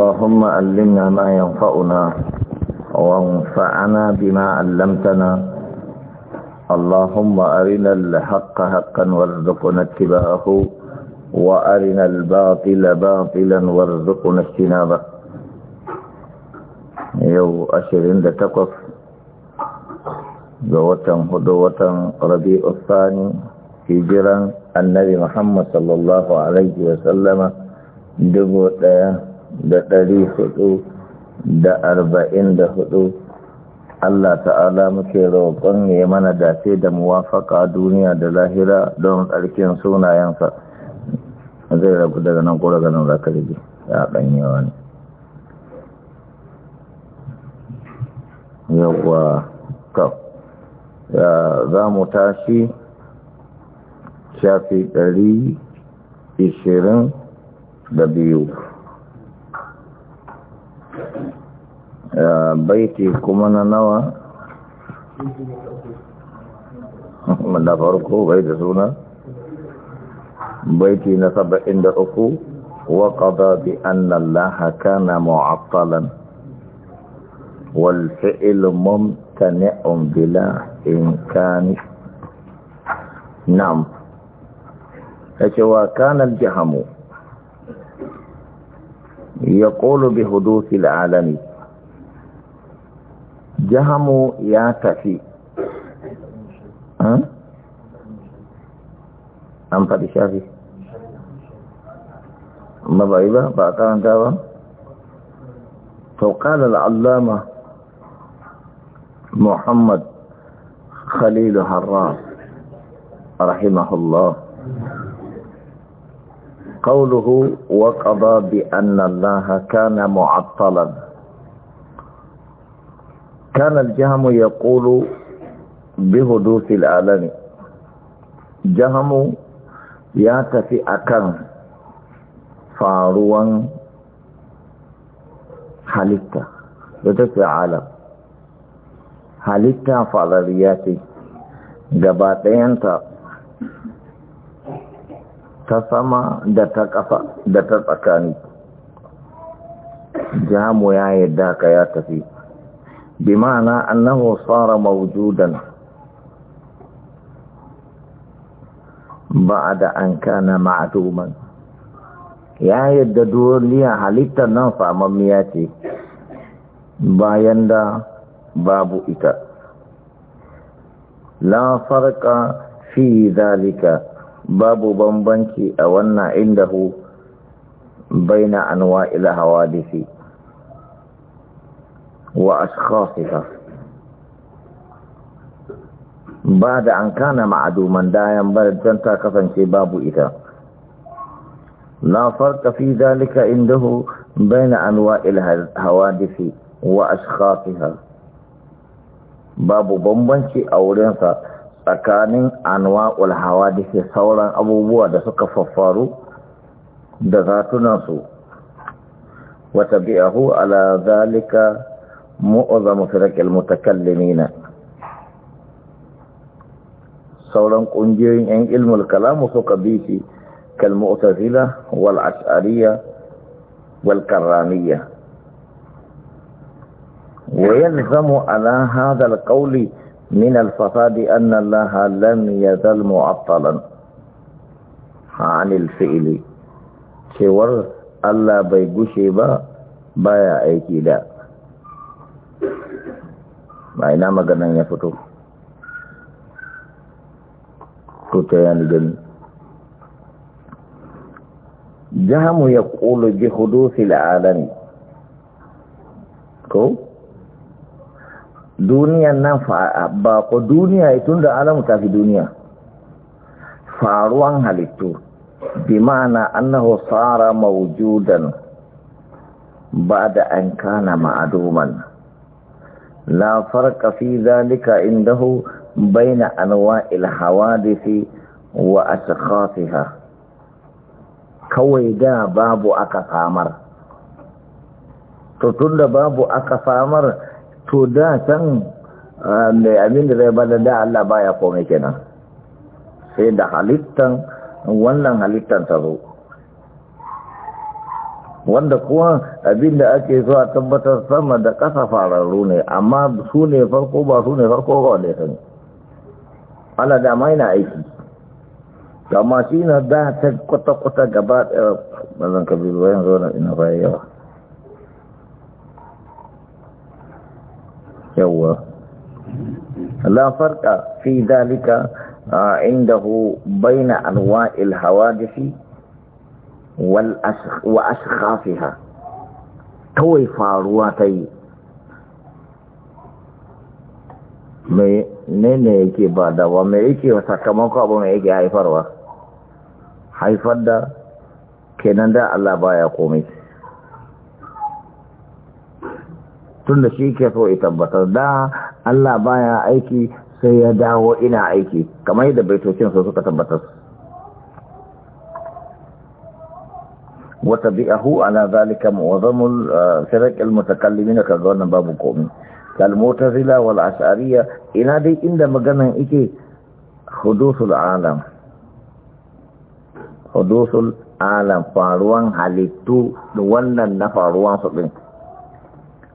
اللهم علمنا ما ينفعنا وانفعنا بما علمتنا اللهم أرنا الحق حقا وارزقنا اتباعه وأرنا الباطل باطلا وارزقنا اجتنابه يو أشرين دتقف جوة هدوة ربيع الثاني هجرا النبي محمد صلى الله عليه وسلم دبوت da ɗari hudu da arba'in da hudu Allah ta'ala muke roƙon ya mana dace da muwafaka duniya da lahira don tsarkin sunayensa zai rabu daga nan ƙura ganin zakaribi ya ɗanyewa ne yawwa kaf za mu tashi shafi ɗari ishirin da biyu بيتي كمان من دفركو بيت سونا بيتي نصب عند أكو وقضى بأن الله كان معطلا والفعل ممتنع بلا إمكان نعم فشوى كان الجهم يقول بحدوث العالمي jahamu ya tafi an faɗi shafi ba ba yi ba ba a karanta ba tauƙar al'allama muhammad khalilu harram rahimahullah قوله وقضى بأن الله كان معطلا كان الجهم يقول بحدوث العالم جهم ياتفي أكن فاروا halitta da tafi alam halitta farariya ce gaba ɗayanta ta sama da ta ƙafa da ta tsakani jamu ya yadda ka ya tafi بمعنى أنه صار موجودا بعد أن كان معدوما يا يددو لي حليت نفع ممياتي باين باب إتا لا فرق في ذلك باب بمبنكي أولنا عنده بين أنواع الحوادث وأشخاصها بعد أن كان معدوما دايا بردن تاكفا شباب إذا لا فرق في ذلك عنده بين أنواع الحوادث وأشخاصها babu bambanci a wurinsa tsakanin anwa'ul hawadisi sauran abubuwa da suka faffaru da zatunansu wata bi'ahu ala zalika معظم فرق المتكلمين سولان قنجين ان علم الكلام وفق بيتي كالمؤتزلة والعشعرية والكرامية ويلزم على هذا القول من الفساد ان الله لم يزل معطلا عن الفعل كور الله بيقشي بيا بايا ايكي لا ba ina maganan ya fito fito ya ni gani jahamu ya ƙulu bi hudusil alami ko duniyan nan ba ko duniya tun da alamu ta fi duniya faruwan halittu bi ma'ana annahu tsara mawujudan ba da an kana ma'aduman la farqa fi dhalika indahu baina anwa'il hawadisi wa ashkhasiha kawai da babu aka samar to tunda babu aka samar to da can mai abin zai bada da Allah baya komai kenan sai da halittan wannan halittan ta zo wanda kuwa abin da ake so a tabbatar sama da ƙasa fararru ne amma su ne farko ba su ne farko ba wanda ya sani ala da ma yana aiki amma shi na da ta kwata-kwata gaba ɗaya mazan kabiru bayan zo na ina baya yawa yawa la farka fi dalika indahu baina anwa'il hawadisi wa ashkhafiha kawai faruwa ta yi mai ne yake ba da ba mai yake sakamako abu mai yake haifarwa haifar da kenan da Allah baya komai tunda shi ke so ya tabbatar da Allah baya aiki sai ya dawo ina aiki kamar yadda baitocin su suka tabbatar وتبعه على ذلك معظم الفرق المتكلمين كذلك باب قومي كالمعتزلة والأشعرية إلى دي إن مغنى إيكي حدوث العالم حدوث العالم فاروان حالتو دوانا نفاروان صدين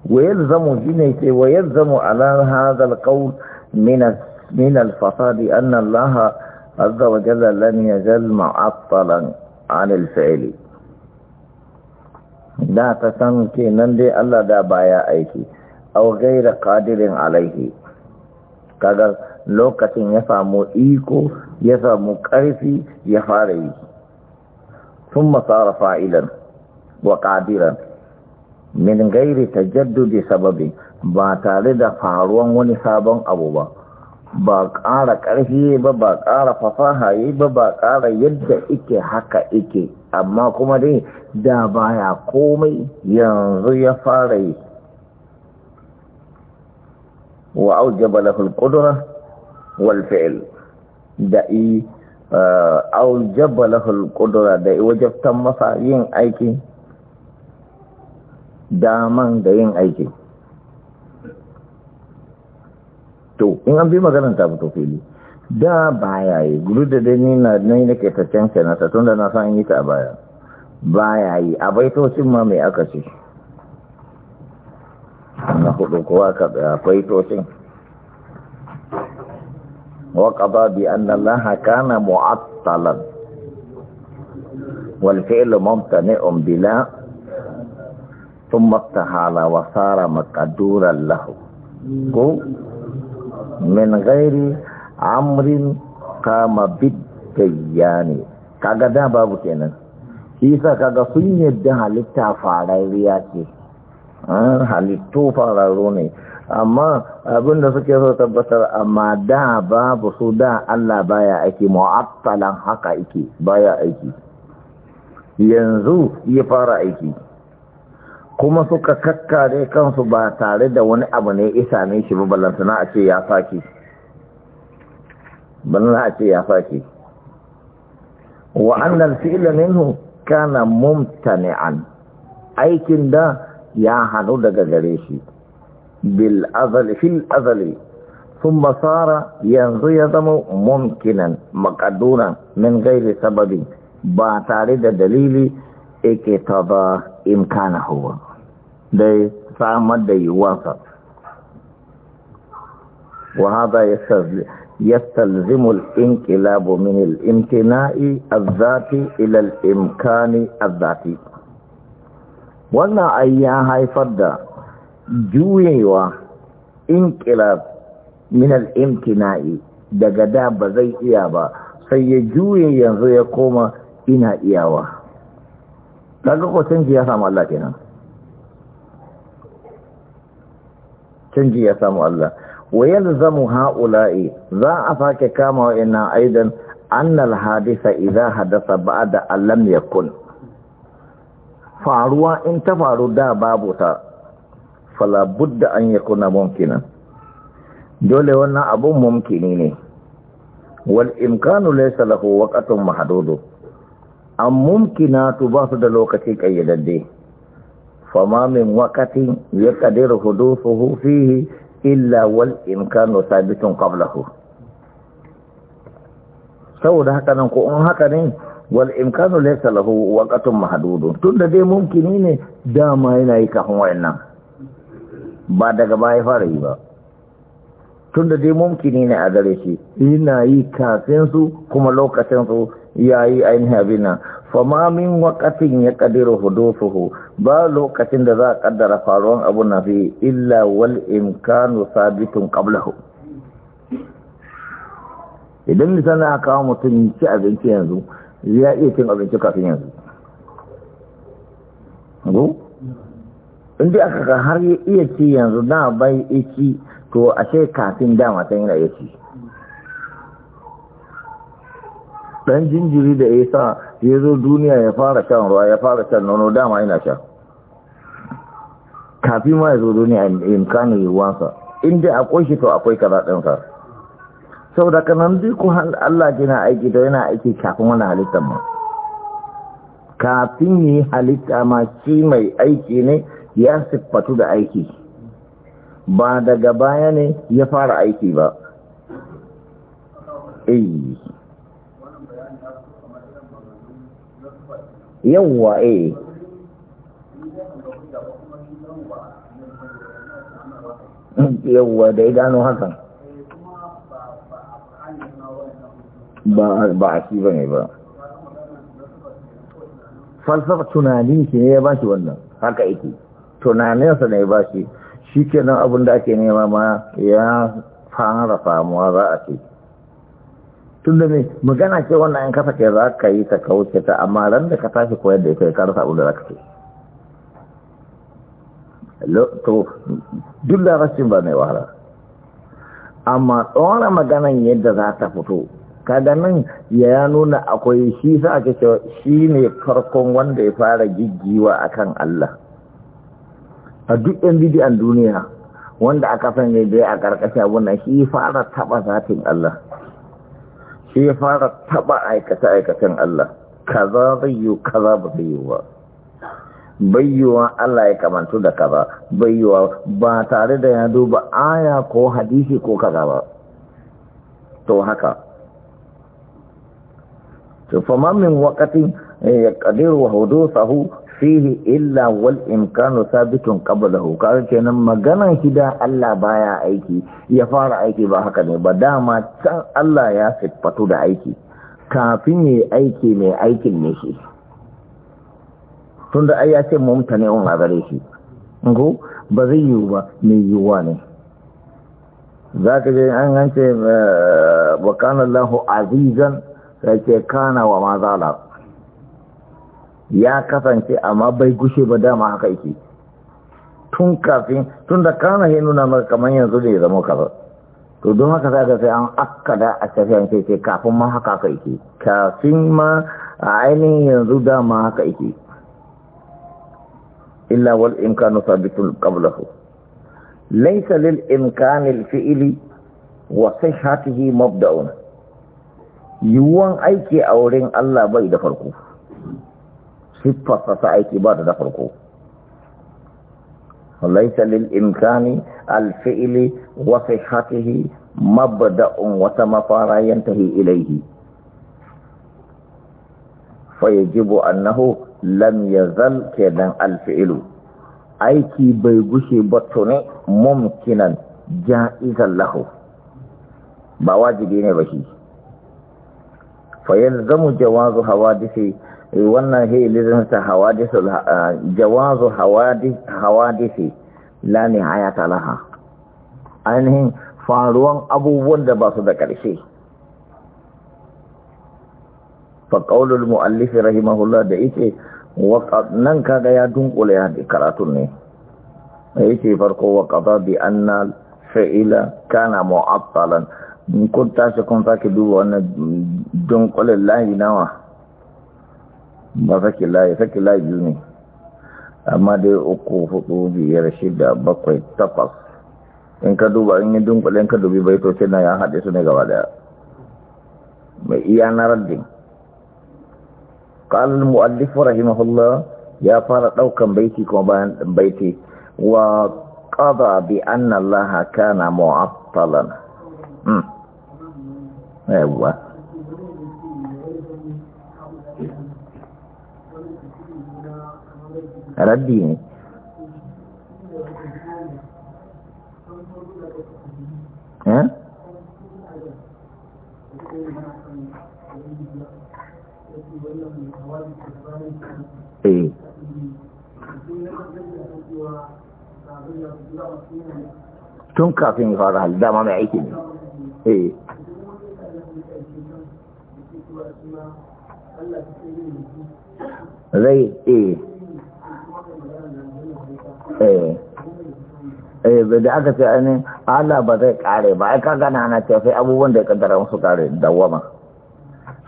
ويلزم جنيتي ويلزم على هذا القول من من الفساد أن الله عز وجل لم يزل معطلا عن الفعل da ta san kenan dai Allah da baya aiki au gaira qadirin alaihi kaga lokacin ya samu iko ya samu ƙarfi ya fara yi sun masara fa'ilan wa ƙadiran min gairi tajaddudi sababi. ba tare da faruwan wani sabon abu ba ba ƙara ƙarfi ba ba ƙara fasaha yi ba ba ƙara yadda ike haka ike amma kuma dai da baya komai yanzu ya fara yi wa aujaba lahul qudra wal da yi eh, aujaba lahul qudra da yi wajabtan masa yin aiki daman da yin aiki to in an bi maganar ta fito fili da baya yi gudu da dai na nai nake ta na ta tunda na san yi ta baya baya yi a baitocin ma mai aka ce na hudu kowa ka a baitocin wa qada bi anna allaha kana mu'attalan wal fi'lu mumtani'un bila thumma tahala wa sara maqdura lahu ko min gairi amrin kama biddayani kaga da babu kenan isa kaga sun yadda halitta fararriya ce halittu fararru ne amma abinda suke so tabbatar amma da babu su da Allah baya aiki mu'attalan haka aiki baya aiki yanzu ya fara aiki kuma suka kakkare kansu ba tare da wani abu ne isa ne shi ba ballantana a ce ya faki ballanta a ce ya faki wa annal fi'la minhu kana mumtani'an aikin da ya hanu daga gare shi bil azali fil azali thumma sara yanzu ya zama mumkinan maqaduran min ghairi sababin ba tare da dalili ta ba imkana huwa da samar اقتضى إمكانه دي فعمد يوافق وهذا يستلزم الانقلاب من الامتناء الذاتي imkani الإمكان الذاتي wannan ayya haifar da juyewa inkilab min al-imtina'i daga da ba zai iya ba sai ya juye yanzu ya koma ina iyawa kaga ko canji ya samu Allah kenan canji ya samu Allah wa zamu haula'i za a sake kama ina aidan annal hadisa idza hadasa ba'da allam yakun faruwa in ta faru da babu ta fala budda an yakuna mumkinan dole wannan abun mumkini ne wal imkanu laysa lahu waqtun mahdudun an mumkina tu ba su da lokaci ƙayyadadde fama min wakati ya ƙadiru hudusuhu fihi illa wal imkanu sabitun qablahu saboda haka nan ko in haka ne wal imkanu laysa lahu waqtun Tun da dai mumkini ne dama yana yi kafin wayannan ba daga baya fara yi ba Tun da dai mumkini ne a gare shi yana yi kafin su kuma lokacin su Yayi yi ainihin abina fama min wakatin ya kadira hudusuhu ba lokacin da za a kaddara faruwan abu na fi illa wal imkanu sabitun qablahu idan misali aka kawo mutum ci abinci yanzu ya iya cin abinci kafin yanzu inda aka har ya iya ci yanzu na bai iki to ashe kafin dama ta yana iya ci dan jinjiri da ya sa ya zo duniya ya fara shan ruwa ya fara shan nono dama ina sha kafin ma ya zo duniya imkanin yiwuwansa inda akwai shi to akwai kaza sau da kanan duku Allah gina aiki da yana aiki kafin wani halittar ma kafin yi halitta ma shi mai aiki ne ya siffatu da aiki ba daga baya ne ya fara aiki ba eh yawwa eh yawwa da ya gano hakan ba a ba ne ba falsafa tunanin shi ne ya ba shi wannan haka yake tunaninsa ne ya ba shi shi kenan abin da ake nema ma ya fara famuwa za a ce tun da mai magana ce wannan yan kasa ke za ka yi ta kauce ta amma ran da ka tafi koyar da ita kai karasa abu da za ka ce to duk larabcin ba mai wahala amma tsawon maganan yadda za ta fito kaga nan ya nuna akwai shi sa ake cewa shi ne farkon wanda ya fara giggiwa kan Allah a duk yan bidiyan duniya wanda aka sanya dai a karkashin abu na shi fara taɓa zafin Allah sai ya fara taba aikata-aikatan Allah kaza zai yi kaza ba zai yi ba bayyuwa Allah ya kamantu da kaza bayyuwa ba tare da ya duba aya ko hadisi ko kaza ba to haka to ya min waqatin eh, hudu sahu. fihi illa wal imkanu sabitun qablahu kaga kenan maganan hida Allah baya aiki ya fara aiki ba haka ne ba dama can Allah ya siffatu da aiki kafin yi aiki mai aikin ne shi tunda ai ya ce mumtane on a shi ngo ba zai yiwu ba mai yiwuwa ne za ka je an yance eh, wa kana Allahu azizan sai ce kana wa mazalaka ya kasance amma bai gushe ba dama haka yake tun kafin tun da kana ya nuna maka kamar yanzu da ya zama kaza to don haka za ka sai an akada a tafiyan ke ce kafin ma haka haka yake kafin ma a ainihin yanzu dama haka yake illa wal imkanu sabitul qablahu laysa lil imkani al fi'li wa sihhatihi mabda'un yuwan aiki a wurin Allah bai da farko siffarsa ta aiki ba da na farko laisa salil imkani alfi'ili wasu wa mabda'un wata mafara yantahi ilayhi fa yajibu annahu lam yazal kenan alfi'ilu. aiki bai gushe ba tone mumkinan ja'izan lahu ba wajibi ne ba shi fa zamu jawazu hawadisi Eh, wannan he lizinta hawadisul eh, jawazu hawadisi la ta laha ainihin faruwan abubuwan da ba su da ƙarshe faƙaunar mu'allifi rahimahullah da ike nan kaga ya dunkula ya karatun ne ce farko wa ƙaza bi anna fa'ila kana mu'abtalan kun tashi kun sake duba wannan dunkulin layi nawa ba saki layi saki layi biyu ne amma dai uku hudu biyar shida bakwai takwas in ka duba in yi dunkule in ka dubi baitocin na ya haɗe su ne gaba daya mai iya na raddin ƙalin mu'allifu rahimahullah ya fara ɗaukan baiti kuma bayan baiti wa ƙada bi anna allaha kana mu'attalan hmm. yawa ردي ها إيه. تنكر في غارة هل ده ما معيكني ايه زي ايه eh eh da aka ce ainihin Allah ba zai kare ba ai kaga na ana ce sai abubuwan da ya kaddara musu kare dawama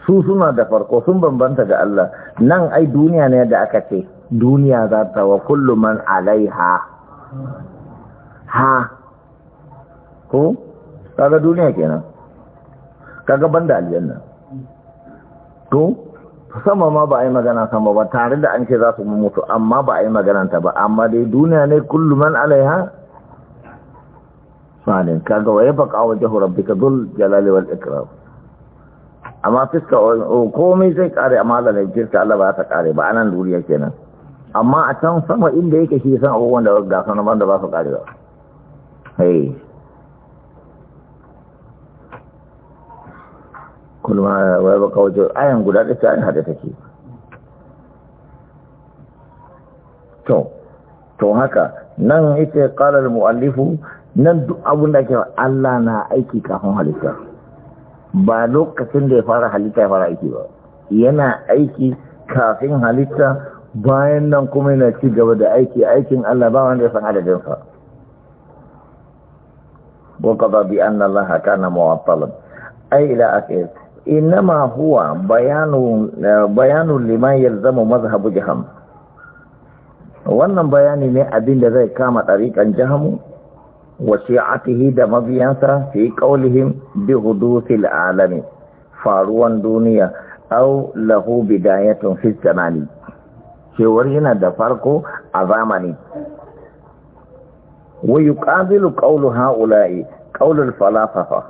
su suna da farko sun bambanta da Allah nan ai duniya ne da aka ce duniya za ta wa kullu man alaiha ha ko kaga duniya kenan kaga banda aljanna to sama ma ba a yi magana sama ba tare da an ce za su mutu amma ba a yi magananta ba amma dai duniya ne kulluman alaiha sanin kaga waye baka wajen rabbika dul jalali wal ikram amma fiska komai zai kare amma da jirka Allah ba ta kare ba anan duniya kenan amma a can sama inda yake shi san abubuwan da ga sanan da ba su kare ba hey kulma wai baka wajen ayan guda da ta hada take to to haka nan ita qala al-muallifu nan duk abun da ke Allah na aiki kafin halitta ba lokacin da ya fara halitta ya fara aiki ba yana aiki kafin halitta bayan nan kuma yana ci gaba da aiki aikin Allah ba wanda ya san adadin sa wa qada bi anna Allah kana mu'attalan ay ila akhir إنما هو بيان بيان لما يلزم مذهب جهم wannan bayani ne abin da zai kama ɗariƙan jihamu wa shi'atihi da mabiyansa fi ƙaulihim bi hudusil alami faruwan duniya au lahu bidayatun fi zamani cewar yana da farko a zamani wa yuqabilu qawlu ha'ula'i qawlul falasafa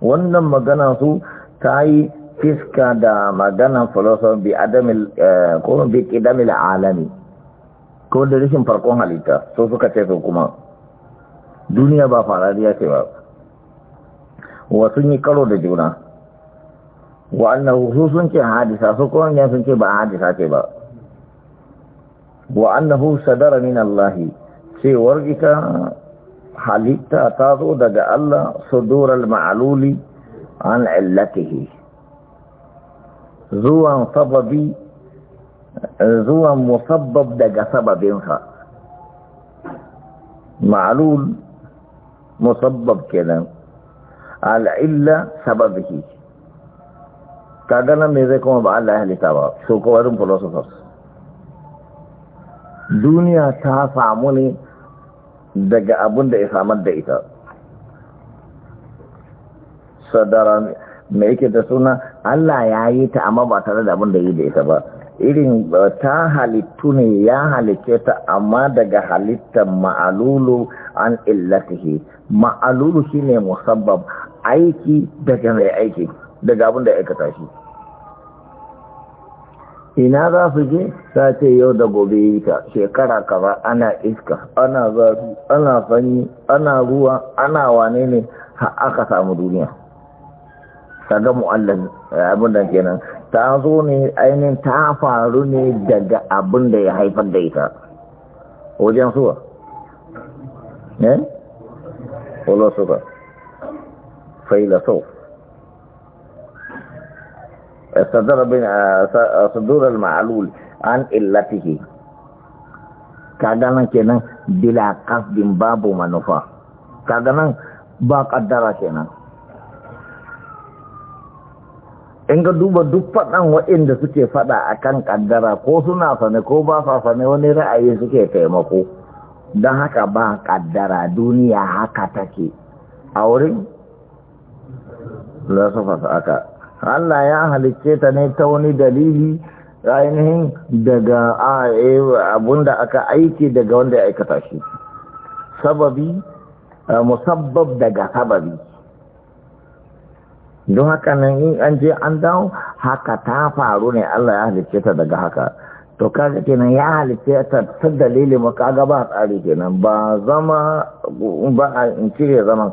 wannan magana su ta yi fiska da maganan filosofi bi adamil eh, ko bi kidamil alami ko da rishin farkon halitta so suka ce su kuma duniya ba farariya ce ba wa sun yi karo da juna wa annahu husun sun ce hadisa su kuma yan sun ce ba hadisa ce ba wa annahu sadara min Allah ce ita halitta ta zo daga Allah sudural ma'aluli an illatihi zuwan sababi zuwan musabbab daga sababinsa ma'alul musabbab kenan al'illa sababihi kaga nan me zai koma ba Allah ya halitta ba so kowarin philosophers duniya ta samu ne daga abin da samar da ita sadara mai yake da suna Allah ya yi ta amma ba tare da abin da yi da ita ba irin ta halittu ne ya halicce ta amma daga halittar ma'alulu an illatihi ma'alulu shine musabbab aiki daga mai aiki daga abin da ya aikata shi ina za su je ce yau da gobe yi ta shekara kaza ana iska ana zafi ana sanyi ana ruwa ana wane ne aka samu duniya ka ga mu'allin eh, abin da kenan ta zo ne ainihin ta faru ne daga abin da ya haifar da ita wajen suwa ne? Eh? wula suka faila sau sadar bin a eh, sadurar ma'alul an illatihi ka ganin kenan dila din babu manufa ka ganin ba kaddara kenan in ga duba duk faɗan waɗanda suke faɗa a kan ƙaddara ko suna sane ko ba sa sane wani ra'ayi suke taimako don haka ba ƙaddara duniya haka take a wurin fasa aka Allah ya halicce ta ne ta wani dalili ainihin daga e, abunda aka aiki daga wanda ya aikata shi sababi eh, musabbab daga sababi don haka nan in an je an dawo haka ta faru ne Allah ya halice ta daga haka to kaga kenan ya halice ta ta dalilin mu kaga ba tsari kenan ba zama ba a in cire zaman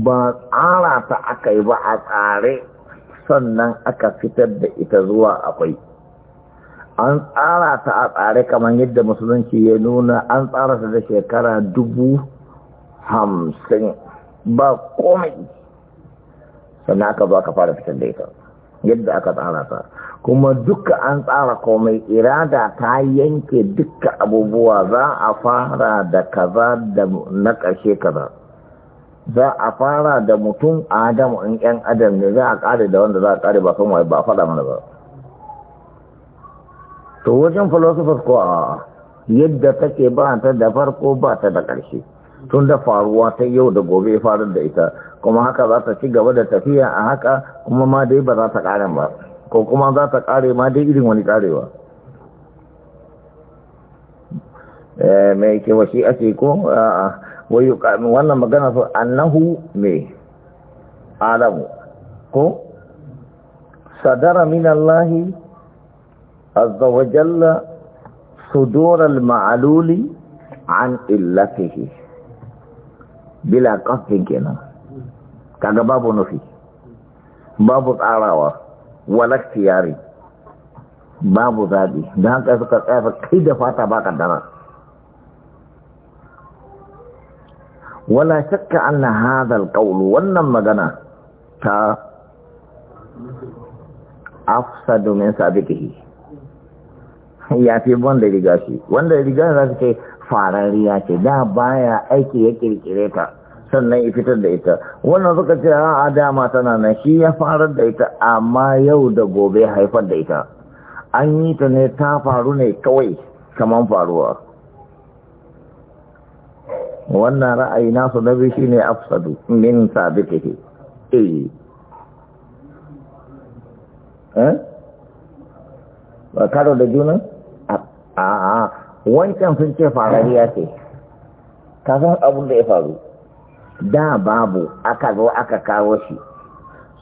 ba tsara ta aka yi ba a tsare sannan aka fitar da ita zuwa akwai an tsara ta a tsare kamar yadda musulunci ya nuna an tsara ta da shekara dubu hamsin ba komai sannan aka zo aka fara fitar da ita yadda aka tsara ta kuma duka an tsara komai irada ta yanke duka abubuwa za a fara da kaza da na ƙarshe kaza za a fara da mutum adamu in yan adam ne za a ƙare da wanda za a ba kan wai ba a faɗa mana ba to wajen philosophers ko a yadda take ba ta da farko ba ta da ƙarshe tun da faruwa ta yau da gobe farar da ita kuma haka za ta ci gaba da tafiya a haka kuma ma dai ba za ta kare ba ko kuma za ta kare ma dai irin wani karewa eh, mai ke washi ake ko wayo wannan magana su annahu mai alamu ko sadara min Allahi azza wa jalla ma'aluli an illafihi bila kafin kenan kaga babu nufi babu tsarawa wala tiyari babu zabi da haka suka tsaya kai da fata ba kaddara wala shakka anna hadha alqawl wannan magana ta afsadu min sabiqihi ya fi wanda riga shi wanda riga za su ce farariya ce da baya aiki ya kirkire ta sannan ya fitar da ita wannan suka ce a dama tana nan shi ya farar da ita amma yau da gobe haifar da ita an yi ta ne ta faru ne kawai kaman faruwa wannan ra'ayi nasu na biyu shine afsadu min sabitihi eh eh ba karo da juna a a wancan sun ce farariya ce ka san abin da ya faru da babu aka zo aka kawo shi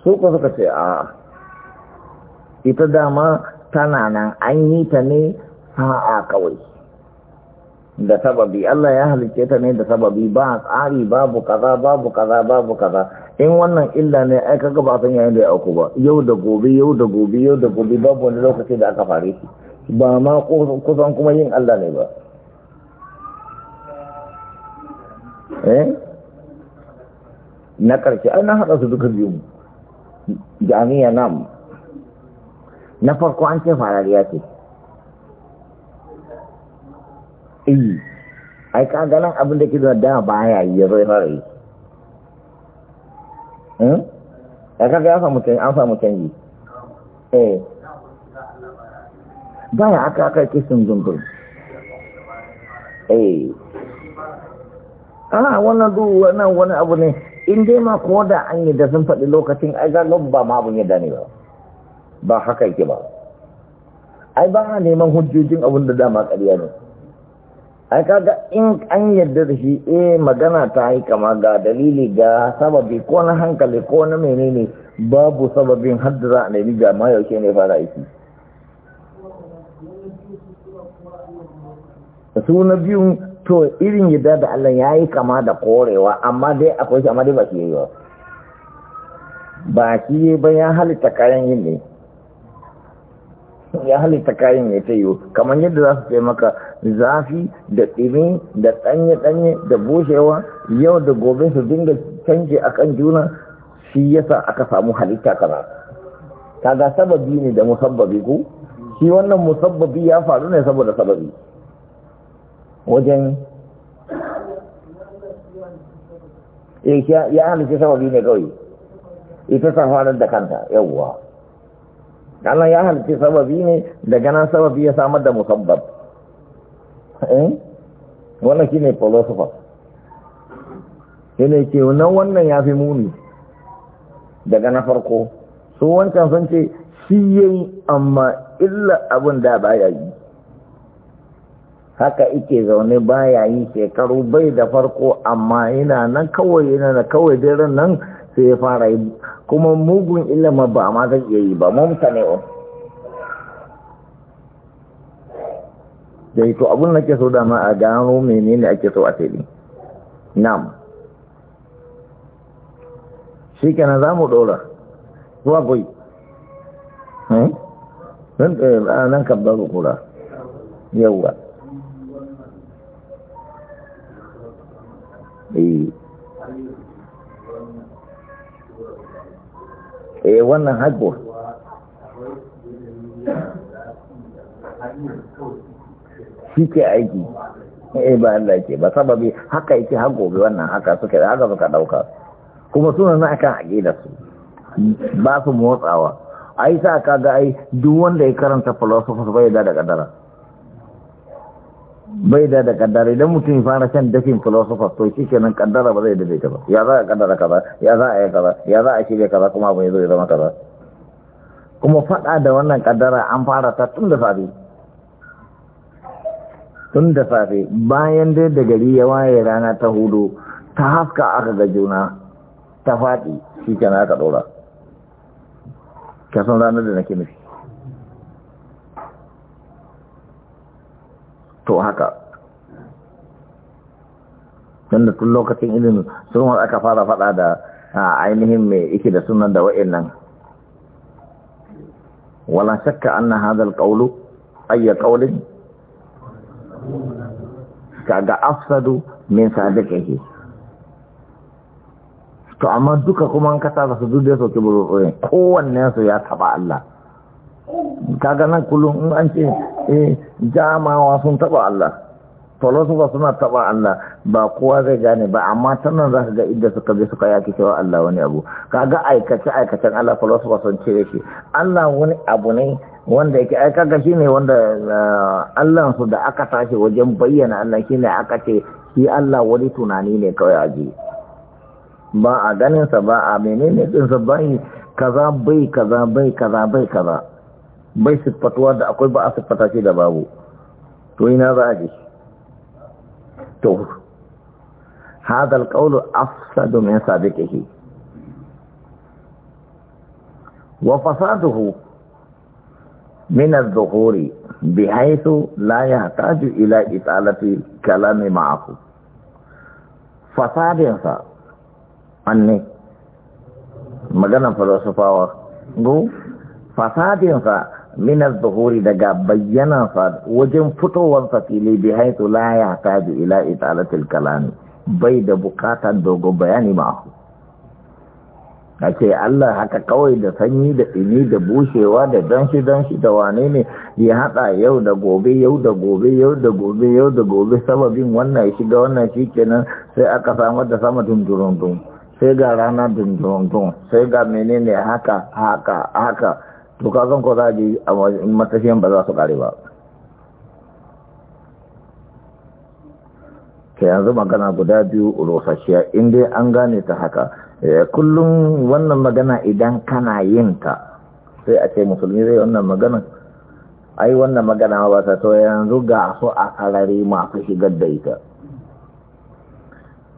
su ku suka ce a ita dama tana nan an yi ta ne sa'a kawai da sababi Allah ya halicce ta ne da sababi ba tsari babu kaza babu kaza babu kaza in wannan illa ne ai kaga ba san yayin da ya auku ba yau da gobe yau da gobe yau da gobe babu wani lokaci da aka fare shi ba ma kusan kuma yin Allah ne ba eh na ƙarshe ai na haɗa su duka biyu jami'a nam na farko an ce farariya ce iyi eh. ai ka ganin abin da ke zuwa da baya yi ya zai fara yi hmm? ya kaga ya samu canji an samu canji eh da haka aka kisan zungur eh ana ah, wannan duk wannan wani abu ne in dai ma ko da an yi da sun faɗi lokacin ai ga ba ma abun yadda ne ba ba haka yake ba ai ba na neman hujjojin abun da dama ƙarya ne ai kaga in an yarda da shi eh magana ta yi kama ga dalili ga sababi ko na hankali ko na menene babu sababin har da za a nemi ga ma yaushe ne fara aiki su na biyun to irin yadda da Allah ya yi kama da korewa amma dai akwai shi amma dai ba shi yi ba shi yi ba ya halitta kayan yin ne ya halitta kayan ya ta yi kamar yadda za su ce maka zafi da tsimi da ɗanye-ɗanye da bushewa yau da gobe su dinga canje a kan juna shi yasa aka samu halitta kana kaga sababi ne da musabbabi ku shi wannan musabbabi ya faru ne saboda sababi wajen eh, ya halice sababi ne kawai ita ta farar da kanta yawwa Allah ya halice sababi ne daga nan sababi ya samar da musabbab eh? wannan shi ne philosopher yana ke nan wannan ya fi muni daga na farko su wancan sun ce shi yayi amma illa abin da ba ya yi haka ike zaune baya yi shekaru bai da farko amma yana nan kawai yana da kawai daren nan sai ya fara yi kuma mugun ilama ba ma zai iya yi ba mamta ne on dai to abun da ke so da ma a gano menene ake so a fili nam shi kenan za mu ɗora zuwa gwai eh? eh, nan ku kura yauwa Eh. eh wannan hajjo shi ke aiki eh ba Allah ke ba sababi haka yake har gobe wannan haka suke haka suka dauka kuma suna na hage da su ba su motsawa ai sa kaga ai duk wanda ya karanta philosophy bai da da kadara bai da da kaddara idan mutum ya fara shan dafin philosophers to shi kenan kaddara ba zai da ta ba ya za a kaddara kaza ya za a yi kaza ya za a shirya kaza kuma abu ya zo ya zama kaza kuma faɗa da wannan kaddara an fara ta tun da safe tun da safe bayan dai da gari ya waye rana ta hudu ta haska aka ga juna ta faɗi shi kenan aka ɗora kasan ranar da nake nufi to haka tun tun lokacin irin sunan aka fara fada da ainihin mai iki da sunan da wa'in nan wala shakka an na hadal ƙaulu ayya ƙaulin kaga afsadu min sadiqihi to amma duka kuma an kasa su duk da sauke burutsuri kowannen su eh, ya taba Allah kaga nan kullum in an ce eh jamawa sun taba Allah filosofa suna taba Allah ba kowa zai gane ba amma sannan za ka ga inda suka bi suka yaki cewa Allah wani abu kaga aikace aikacen Allah filosofa sun ce yake Allah wani abu ne wanda yake ai kaga shine wanda eh, Allah su da aka tashi wajen bayyana Allah shine aka ce shi Allah wani tunani ne kawai a ji ba a ganin sa ba a menene din sa bai kaza bai kaza bai kaza bai kaza bai siffatuwa da akwai ba a siffata ce da babu to ina za a ji to hadal kaulu afsa domin sabi kake wa fasaduhu min az-zuhuri bi haythu la yahtaju ila italati kalami ma'ahu fasadin sa anne maganan falsafawa go fasadin sa minar zuhuri daga bayyanansa wajen sa fili bi haitu la ya taju ila italatil kalami bai da bukatar dogon bayani ma'ahu ake ce Allah haka kawai da sanyi da tsini da bushewa da danshi-danshi da wane ne ya haɗa yau da gobe yau da gobe yau da gobe yau da gobe sababin wannan shiga wannan shi kenan sai aka samar da sama dundurundun sai ga rana dundurundun sai ga menene haka haka haka to kasan ko za a je a matashiyan ba za su ƙare ba ta yanzu magana guda biyu rosashiya inda an gane ta haka eh, kullum wannan magana idan kana yin ta sai a ce musulmi zai wannan magana ai wannan magana ba ta to yanzu ga su a karare masu shigar da ita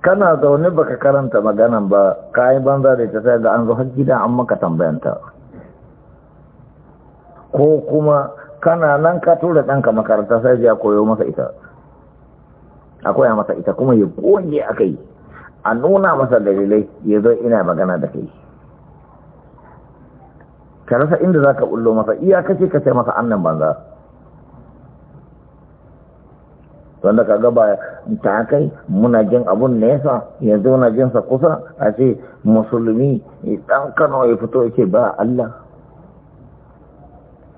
kana zaune baka karanta maganan ba kayan banza da ta sai ga an zo har gida an maka tambayanta ko kuma kana nan ka tura ɗanka makaranta sai ya koyo masa ita a koya masa ita kuma ya goge a kai a nuna masa dalilai ya zo ina magana da kai ka rasa inda za ka ɓullo masa iya kace ka sai masa annan banza wanda ka gaba ta kai muna jin abun nesa yanzu na jinsa kusa a ce musulmi ɗan kano ya fito yake ba Allah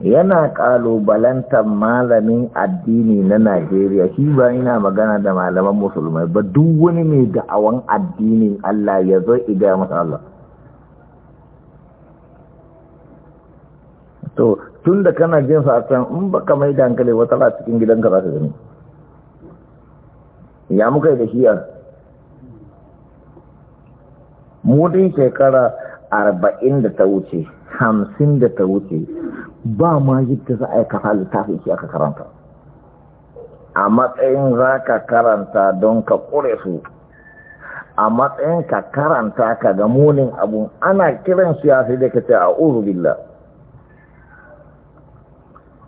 yana kalubalantar malamin addini na Najeriya shi ba ina magana da malaman musulmai ba duk wani mai da'awan addini, Allah ya zo iga masa Allah to tun da kana jin sa san in baka mai dankali wata la cikin gidanka za ka gani ya muka yi da shi mu Mudin shekara arba'in da ta wuce hamsin da ta wuce ba ma yadda za a yi kafa littafin shi aka karanta a matsayin za ka karanta don ka ƙure su a matsayin ka karanta ka ga munin abu ana kiran shi sai da ka ce a billa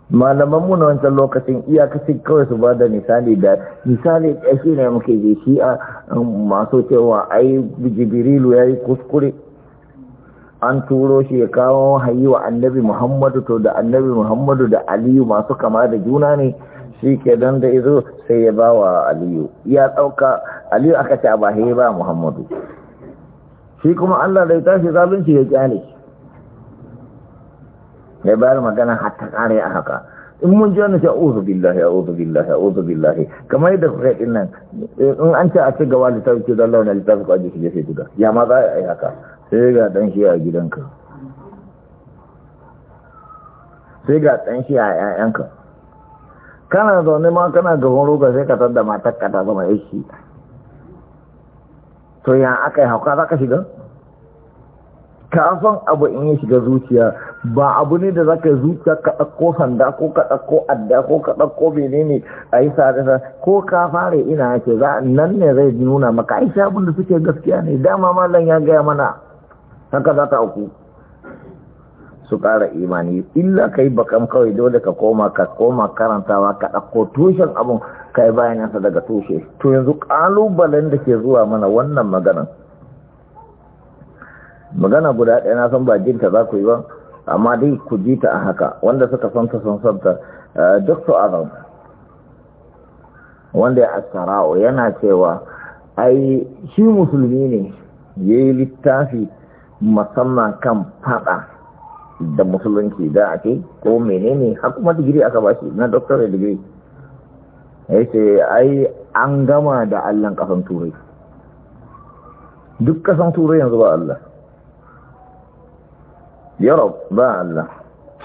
malaman mu na wancan lokacin iyakacin kawai su ba da misali da misali ya shi ne muke je shi a um, masu cewa ai jibirilu ya yi kuskure an turo shi ya kawo hayi wa annabi muhammadu to da annabi muhammadu da aliyu masu kama da juna ne shi ke don da izo sai ya ba wa aliyu ya ɗauka aliyu aka ce ba ya ba muhammadu shi kuma allah da ya tashi zalunci ya kyale ya bayar magana hatta kare a haka in mun ji wani sha'uzu billahi a'udhu billahi a'udhu billahi kamar yadda kuka yi nan in an ce a ci gaba littafi ce don na littafi ko shi ya guda ya ma za a yi haka sai ga ɗanshi a gidanka sai ga ɗanshi a ‘ya'yanka kana zaune ma kana gaban roga sai ka da matakka ta zama shi to ya aka yi hauka za ka shiga kafin abu in ya shiga zuciya ba abu ne da za ka zuciya ka ɗauko sanda ko ka ɗauko adda ko ka ɗauko bene ne a yi ko ka fara ina yake za nan ne zai nuna maka aisha abin da suke gaskiya ne dama malam ya gaya mana haka za ka auku su ƙara imani illa ka yi bakan kawai dole ka koma ka koma karantawa ka ɗauko tushen abin ka yi bayanansa daga tushe to yanzu ƙalubalen da ke zuwa mana wannan maganan magana guda ɗaya na san ba jinta za ku yi ba amma dai ku ji ta a haka wanda suka santa sun santa eh, dr adam wanda ya asara'o yana cewa ai shi musulmi ne ya yi littafi musamman kan fada da musulunci da ake ko menene har kuma digiri aka ba shi na doctorate degree ya ce ai an gama da allon kasan turai duk kasan turai yanzu ba allah europe ba allah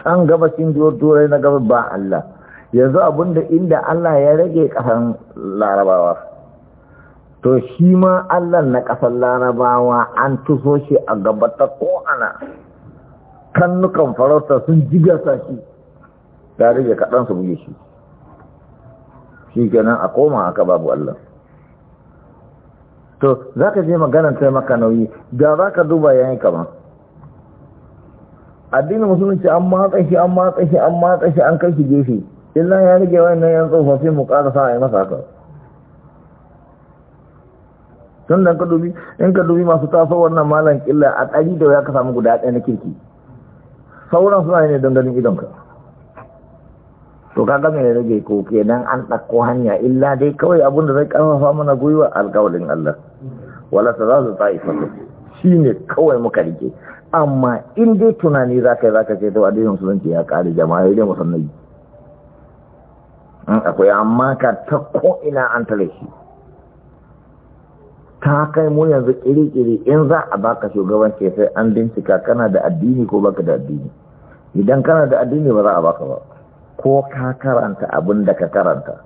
can gabashin turai na gaba ba allah yanzu abinda inda allah ya rage kasan larabawa to shi ma Allah na ƙasar larabawa an tuso shi a gabata ko ana kannukan farauta sun jigasa shi tare da kaɗan su buge shi shi kenan a koma haka babu Allah to za ka je maganar ta maka nauyi da za ka duba yayin kama addinin musulunci an matsa shi an matsa shi an matsa shi an kai shi gefe illa ya rage wannan yan tsofaffi mu ƙarasa a yi masa haka tunda da ka dubi in ka dubi masu tafa wannan malam killa a ɗari da ya ka samu guda ɗaya na kirki sauran suna ne don ganin idonka to ka kaga ya rage ko nan an ɗakko hanya illa dai kawai abun da zai ƙarfafa mana gwiwa alƙawarin Allah wala ta za su tsaye shi ne kawai muka rike amma in dai tunani za ka yi za ka ce ta dai musulunci ya ƙari jama'a ya dai An hmm, akwai amma ka ta ina an tare shi ta kai mu yanzu kiri-kiri in za a baka shugabanci sai an bincika kana da addini ko baka da addini idan kana da addini ba za a baka ba ko ka karanta abin da ka karanta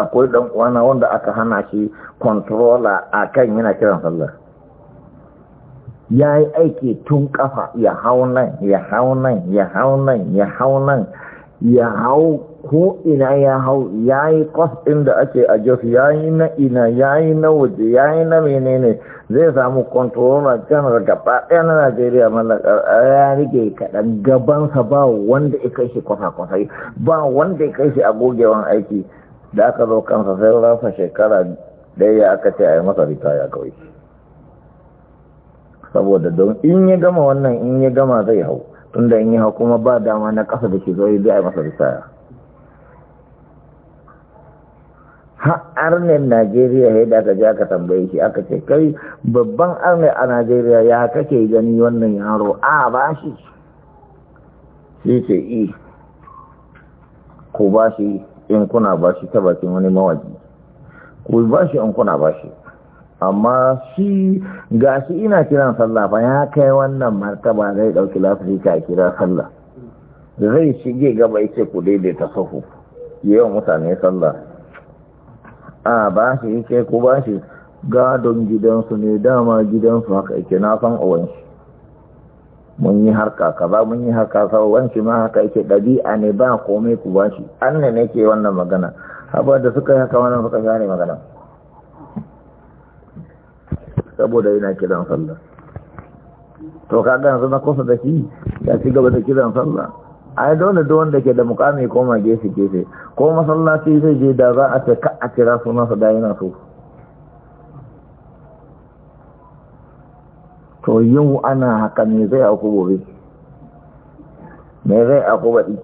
akwai dan uwana wanda aka hana shi controller akan yana kiran sallar? ya yi aiki tun kafa ya hau nan ya hau nan ya hau nan ya hau nan ya hau ko ina ya hau ya yi kwas ɗin da ake a jos ya yi na ina ya yi na waje ya yi na menene zai samu kontrola janar gaba ɗaya na najeriya mallakar ya rike kaɗan gabansa ba wanda ya kai shi kwasa-kwasai ba wanda ya kai shi a gogewan aiki da aka zo kansa sai rasa shekara ɗaya aka ce a yi masa ritaya kawai saboda don in ya gama wannan in ya gama zai hau tunda in yi hau kuma ba dama na ƙasa da shi zai a yi masa ritaya har najeriya ya daga ji aka tambaye shi aka ce kai babban arne a najeriya ya kake gani wannan yaro a ba shi shi ce i ko ba shi in kuna ba shi ta bakin wani mawaji ko ba shi in kuna ba shi amma shi ga shi ina kiran sallah fa ya kai wannan martaba zai dauki lafi a kira sallah zai shige gaba ya ce ku daidaita sahu yawan mutane sallah a ba shi ke ku ba shi gadon gidansu ne dama gidansu haka yake na san uwanshi mun yi harka kaza mun yi harka kaza wanci ma haka yake ɗabi'a ne ba komai ku ba shi an ne ke wannan magana haba da suka yi haka wannan suka gane magana saboda yana kiran sallah to kaga yanzu na kusa da shi ya ci gaba da kiran sallah ai dole da wanda ke da mukami koma gefe gefe ko masallaci zai je da za a ce ka a kira su da yana so to yau ana haka ne zai aku gobe me zai aku baɗi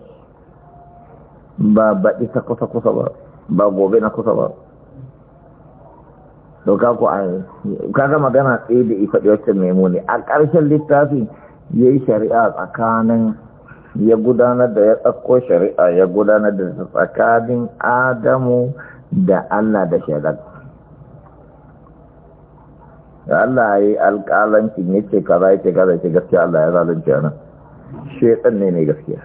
ba baɗi ta kusa kusa ba ba gobe na kusa ba doka ku a kaga magana tsaye da ifaɗi wacce mai muni a ƙarshen littafin ya yi shari'a tsakanin ya gudanar da ya tsakko shari'a ya gudanar da tsakanin adamu da allah da shaidan da allah ya yi alƙalancin ya ce za ya ce za ya ce gaskiya allah ya zalunci a nan shaidan ne ne gaskiya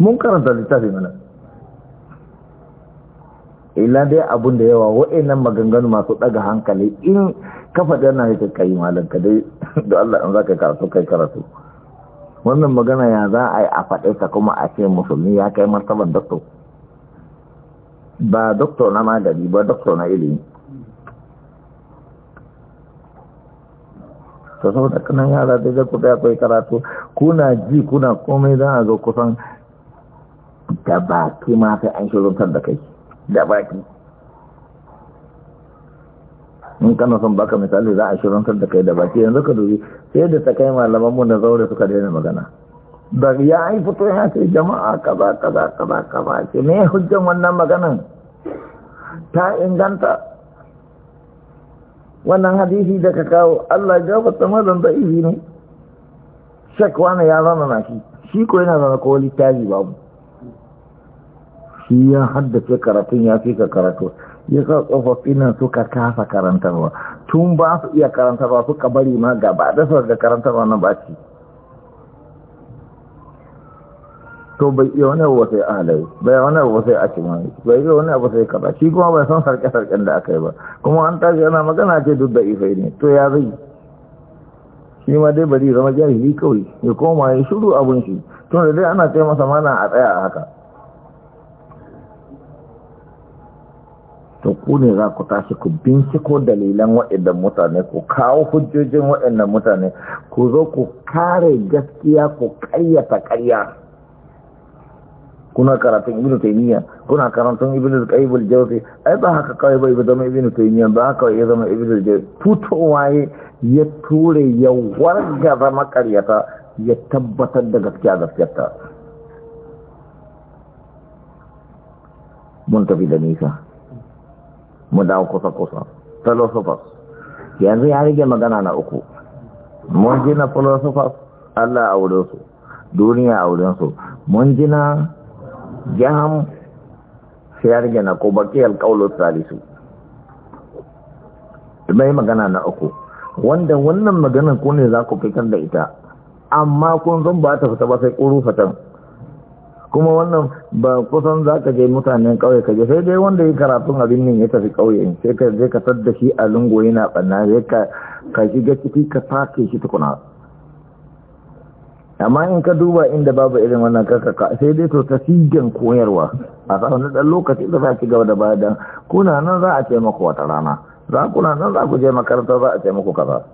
mun karanta littafi mana Ila dai abun da yawa wa'annan maganganu masu daga hankali in kafa da yana yake kai malam ka dai da Allah in za ka karatu kai karatu wannan magana ya za a yi a faɗe ta kuma a ce musulmi ya kai martaban doktor ba doktor na magani ba doktor na ilimi sau da kanan yara da zai kuɗa akwai karatu kuna ji kuna komai za a zo kusan da baki ma sai an shirin da kai da baki in kana son baka misali za a shirantar da kai da baki yanzu ka dubi sai da ta kai malamanmu na zaure suka daina magana da ya yi fito ya ce jama'a kaza kaza kaza kaza ce me hujjan wannan maganan ta inganta wannan hadisi da ka kawo Allah ya ta mazan da izi ne shakwa na ya zama na shi shi ko yana zama ko littafi babu shi ya haddace karatun ya fi ka karatu ya sa tsofaffi nan suka kasa karantarwa tun ba su iya karantarwa suka bari ma gaba da su da karantarwa na baci to bai iya wani abu sai ahalai bai wani abu sai a cimani bai iya wani abu sai kaba shi kuma bai san sarki-sarki sarken da aka yi ba kuma an tashi yana magana ce duk da ifai ne to ya zai shi ma dai bari zama jahili kawai ya koma ya shiru abun shi to da dai ana ce masa mana a tsaya a haka to ku ne za ku tashi ku binciko dalilan waɗannan mutane ku kawo hujjojin waɗannan mutane ku zo ku kare gaskiya ku ƙayyata ƙarya kuna karatun ibnu taymiya kuna karatun ibnu qayyim al-jawzi ai ba haka kawai bai zama ibnu taymiya ba haka ya zama ibnu jawzi waye ya ture ya warga zama karyata ya tabbatar da gaskiya gaskiyarta mun tafi da nisa mu dawo kusa-kusa philosophers yanzu ya rage magana na uku mun ji na philosophers Allah a wurinsu duniya a wurinsu mun ji na jiham sai ya rige na ko baki alƙaunar salisu mai magana na uku wanda wannan maganar ku ne za ku fitar da ita amma kun zan ba ta fita ba sai ƙuru fatan kuma wannan ba kusan za ka je mutanen ƙauye ka je sai dai wanda yi karatun abin nan ya tafi ƙauye sai ka je ka tadda shi a lungo yana ɓanna sai ka ka shiga ciki ka sake shi tukuna amma in ka duba inda babu irin wannan karkaka sai dai to ta sigen koyarwa a sa wani ɗan lokaci da za ki gaba da baya dan kuna nan za a ce maku wata rana za kuna nan za ku je makaranta za a ce maku kaza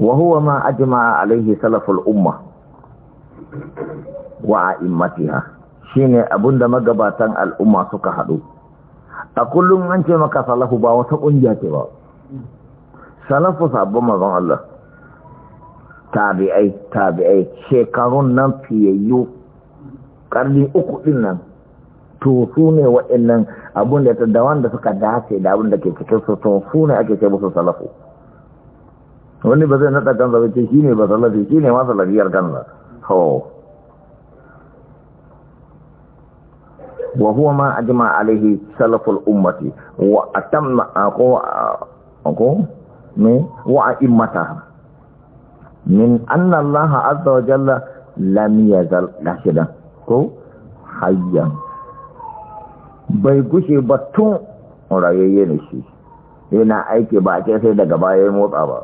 wa huwa ma ajma'a alaihi salaful umma wa a'immatiha shine abinda magabatan al'umma suka haɗu a kullum an ce maka salafu ba wata kungiya ce ba salafu sabon mazan Allah tabi'ai tabi'ai shekarun nan fiyayyu karni uku din nan to su ne waɗannan abun da ta da suka dace da abin da ke cikin su to su ne ake ce musu salafu wani ba zai naɗa kan zaɓe ce shi ne ba salafi shi ne ma salafiyar kan to wa huwa ma ajma alaihi salaful ummati wa atamma ko ko me wa immataha min anna Allah azza wa jalla lam yazal rashidan ko hayyan bai gushe ba tun rayayye ne shi yana aiki ba a sai daga baya motsa ba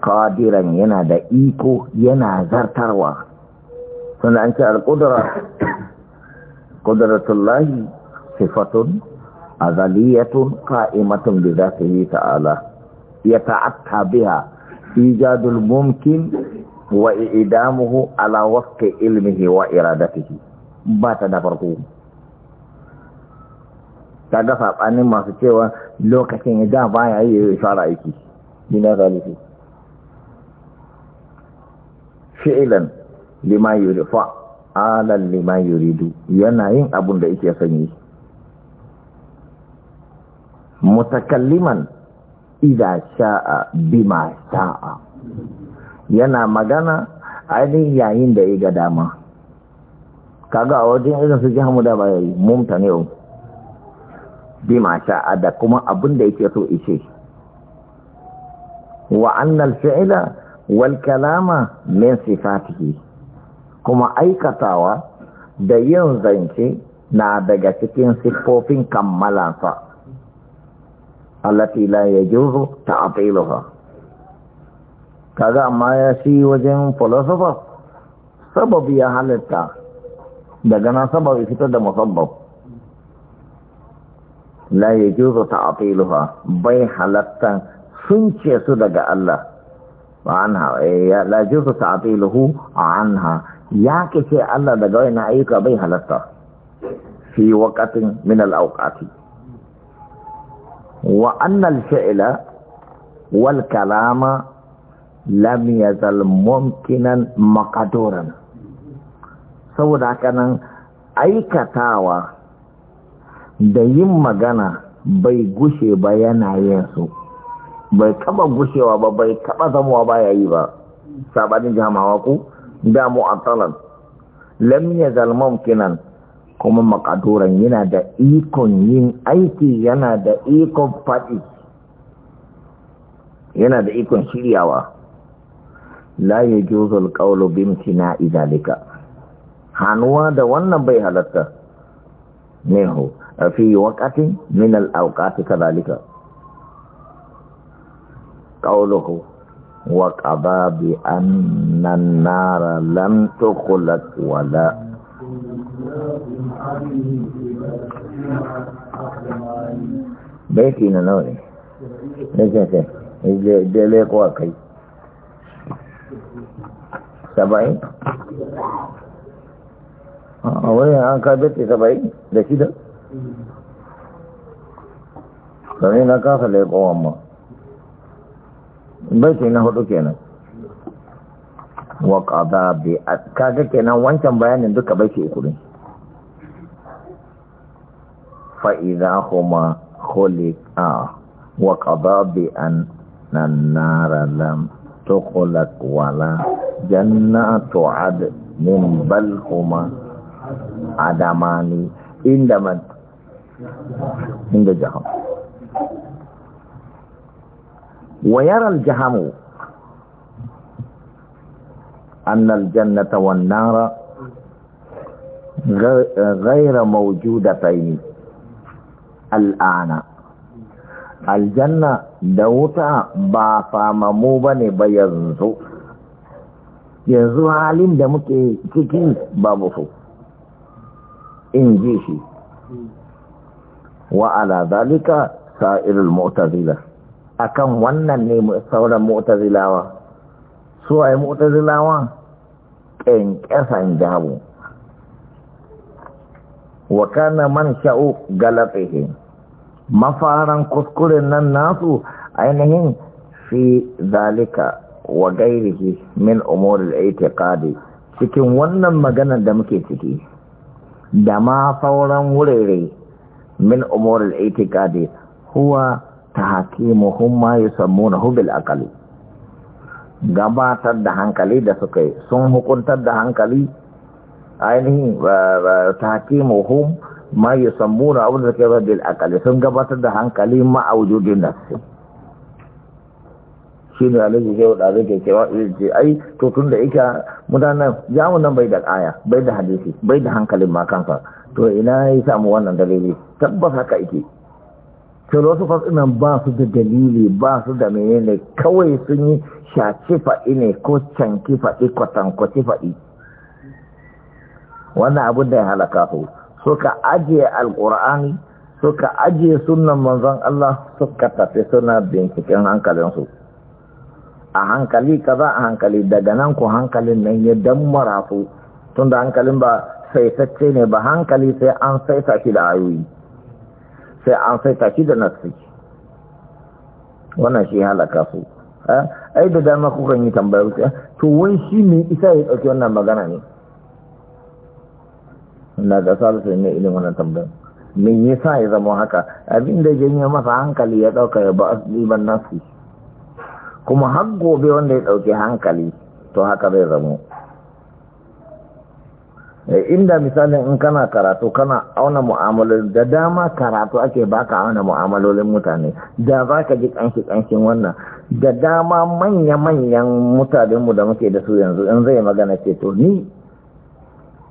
qadiran yana da iko yana zartarwa sannan an ce al-qudra qudratullahi sifatun azaliyatun qa'imatun bi dhatihi ta'ala yata'atta biha ijadul mumkin wa i'damuhu ala wafqi ilmihi wa iradatihi ba ta da farko ta ga sabanin masu cewa lokacin ya da baya yi fara aiki na zalifi fi'ilan lima fa ala lima yuridu yana yin abun da yake son mutakalliman idza sha'a bima sha'a yana magana ainihin yayin da ya dama kaga a wajen irin su jihamu da ba yayi mumta ne bima sha'a da kuma abun da yake so ishe wa annal fi'ila wal kalama min sifatihi kuma aikatawa da yin zance na daga cikin siffofin kammalansa allati la yajuzu ta'tiluha kaga amma ya shi wajen falsafa sababi ya halitta daga nan sababi fitar da musabbab la yajuzu ta'tiluha bai halatta sun ce su daga Allah Eh, anha ya la lahu ta'tiluhu anha ya ce Allah daga wani ayyuka bai halatta fi waqatin min al-awqati wa anna al-fi'la wal kalama lam yazal mumkinan maqduran saboda kanan aikatawa da yin magana bai gushe ba yana yin bai taba gushewa ba bai taba zamuwa ba ya yi ba sabanin jamawa ku da mu'attalan lam yazal mumkinan kuma makaduran yana da ikon yin aiki yana da ikon faɗi yana da ikon shiryawa la yajuzu alqawlu bimtina idalika Hannuwa da wannan bai halatta ne ho fi waqatin min alawqati kadalika قوله وقضى بأن النار لم تخلق ولا بيتي نوعي ليس كيف ليق واقعي سبعين wani an kabe ce saba'in da shida? sami na kasa laikowa ma baiti na hudu kenan wa qada bi kaga kenan wancan bayanin duka baiti uku ne fa idha huma khuliqa wa qada bi an nara lam tukhlaq wala jannatu ad min bal huma adamani inda man inda jahannam ويرى الجهم أن الجنة والنار غير موجودتين الآن الجنة دوتا بافا مموبن بيزو يزو عالم دمكي كيكي بابوسو انجيشي وعلى ذلك سائر المعتزله akan wannan ne sauran mu'tazilawa su ai mu'tazilawa ƙyanƙyasan jabu wa kana man sha'u galatihi mafaran kuskuren nan nasu ainihin fi zalika wa gairihi min umuril itiqadi cikin wannan maganar da muke ciki da ma sauran wurare min umuril itiqadi huwa tahakimuhum ma yusammunahu bil aqli gabatar da hankali da suka yi sun hukuntar da hankali ainihin tahakimuhum ma yusammuna abu da bil aqli sun gabatar da hankali ma aujudin nafsi shi ne alaji ke wada zai ke cewa ce ai to tun da ika mutanen jamun nan bai da aya bai da hadisi bai da hankalin ma kansa to ina ya samu wannan dalili tabbas haka ike philosophers nan ba su da dalili ba su da menene kawai sun yi shaci faɗi ne ko canki faɗi kwatankwaci faɗi wannan abin da ya halaka su suka ajiye alƙur'ani suka ajiye sunan manzon Allah suka tafi suna binciken hankalinsu a hankali kaza a hankali daga nan ku hankalin nan ya mara su tunda hankalin ba saitacce ne ba hankali sai an saita shi da ayoyi sai an saita shi da nassi wannan shi halaka su eh, ai da dama kukan yi tambayar wuce to wai shi mai isa ya ɗauki wannan magana ne na ga salisu ne ilin wannan tambayar me sa ya zama haka abin da janye masa hankali ya ɗauka ya ba ɗiban nasi kuma har gobe wanda ya ɗauki hankali to haka zai zamo Eh, inda misalin in kana karatu kana auna mu'amalolin da dama karatu ake baka auna mu'amalolin mutane da za ka ji ƙanshi ƙanshin wannan da dama manya-manyan mutanenmu da muke da su yanzu in zai magana ce to ni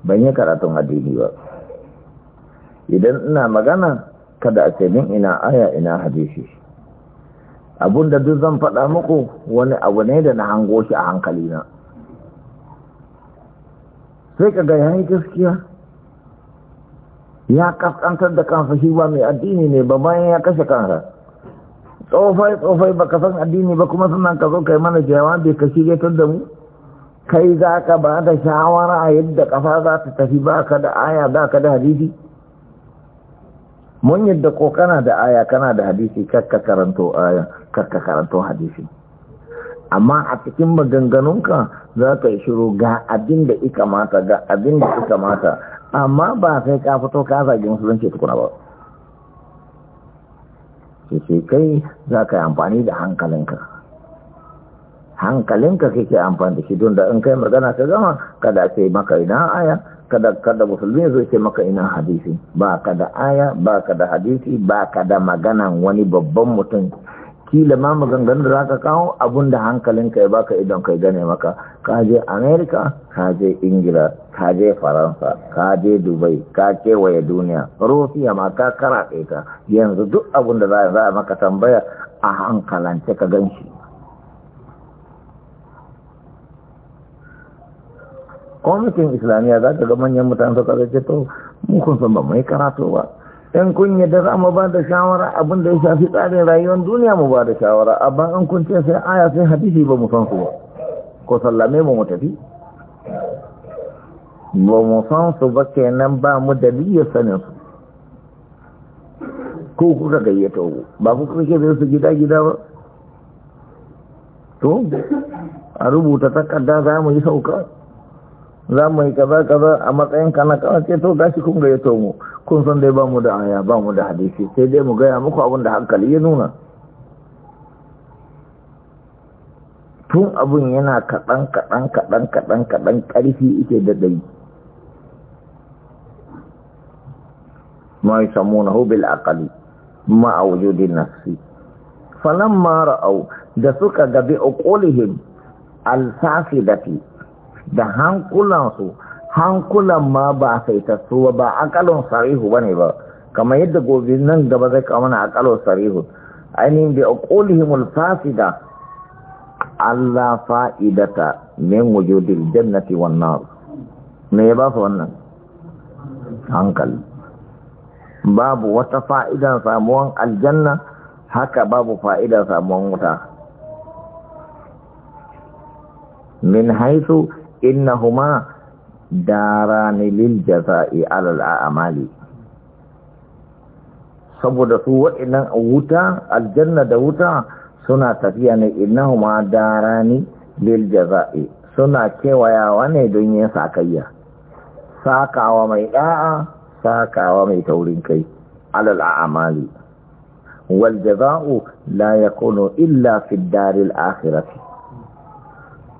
ban yi karatun addini ba idan ina magana kada a ce min ina aya ina hadisi abun da duk zan faɗa muku wani abu ne da na hango shi a hankalina. na sai ka ga yayin gaskiya ya kaskantar da kansa shi ba mai addini ne ba bayan ya kashe kansa tsofai tsofai baka san addini ba kuma sannan ka zo kai mana bai ka shigetar da mu kai za ka ba da shawara a yadda ƙasa za ta tafi ba ka da aya ba ka da hadisi mun yadda ko kana da aya kana da hadisi kakka karanto aya kakka karanto hadisi amma a cikin maganganunka za ka yi shiru ga abin da ika mata ga abin da ika mata amma ba sai ka fito ka zagi musulunci tukuna ba sai ce kai za ka yi amfani da hankalinka hankalinka kake amfani da shi don da in kai magana ka gama kada ce maka ina aya kada kada musulmi zai ce maka ina hadisi ba kada aya ba kada hadisi ba kada da maganan wani babban mutum kila ma maganganu da zaka kawo abun da hankalin kai ya baka idon kai gane maka ka je america ka je ingila ka je faransa ka je dubai ka kewaye duniya rufiya ma ka karaɗe ka yanzu duk abun da za a maka tambaya a hankalance ka gan shi kwamitin islamiyya za ka ga manyan mutane suka zace to mu kun san ba mai karatu ba in kun da za mu ba da shawara abin da ya shafi tsarin rayuwar duniya mu ba da shawara abin an kun ce sai aya sai hadisi ba mu san su ba ko sallame mu mu tafi ba mu san su ba kenan ba mu da niyyar sanin su ko kuka gayyata ku ba ku ke zai su gida gida ba to a rubuta takarda za mu yi sauka za mu yi kaza kaza a matsayin kana kawai ce to gashi kun ga yato mu kun san dai ba mu da aya ba mu da hadisi sai dai mu gaya muku abin da hankali ya nuna tun abin yana kaɗan kaɗan kaɗan kaɗan kaɗan ƙarfi ike da dai ma yi samu na hubil akali ma a wujudin nafsi falan Falon mara'au da suka gabi uqulihim al alfafi da fi da hankulansu hankulan ma ba saitattu ba ba akalon sarihu ba ne ba kamar yadda gobe nan gaba zai kama mana akalon sarihu ainihin bi aqulihimul fasida Allah fa'idata min wujudil jannati wan nar me ba su wannan hankali babu wata fa'idan samuwan aljanna haka babu fa'idan samuwan wuta min haisu innahuma darani lil jaza'i alal a'mali saboda su waɗannan wuta aljanna da wuta suna tafiya ne innahuma darani lil jaza'i suna kewayawa ne don yin sakayya sakawa mai da'a sakawa mai taurin kai alal a'mali wal jaza'u la yakunu illa fi daril akhirati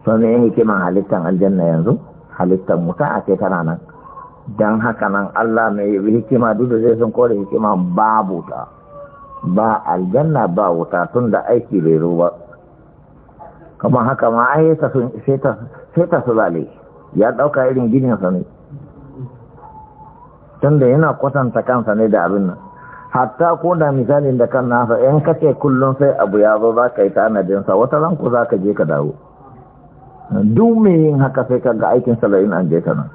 so ne hikiman halittan aljanna yanzu halittan muta a ce tana nan don haka nan Allah mai hikima duk da zai sun kore hikima babu ta ba aljanna ba wuta tun da aiki bai zo ba kuma haka ma ai sai ta sulale ya ɗauka irin gininsa ne tun da yana kwatanta kansa ne da abin nan hatta ko da misalin da kan nasa yan kace kullum sai abu ya zo za ka yi sa wata ranku za ka je ka dawo duk haka sai ka ga aikin salayin an je kana nan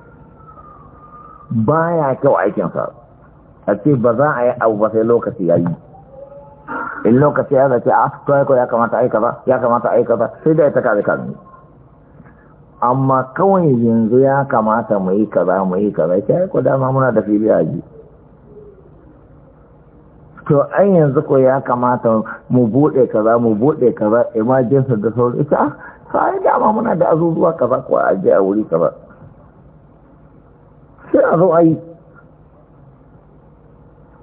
baya kyau aikinsa a ce ba za a yi abu ba sai lokaci ya yi in lokaci ya zace a ah, to aiko ya kamata aika ba ya kamata aika ba sai da ita kare kan amma kawai yanzu ya kamata mu yi kaza mu yi kaza sai ko dama muna da fili a ji to ai yanzu ko ya kamata mu bude kaza mu bude kaza emergency da sauri ita sai dama muna da azuzuwa kaza ko a ajiye a wuri kaza sai a zo a yi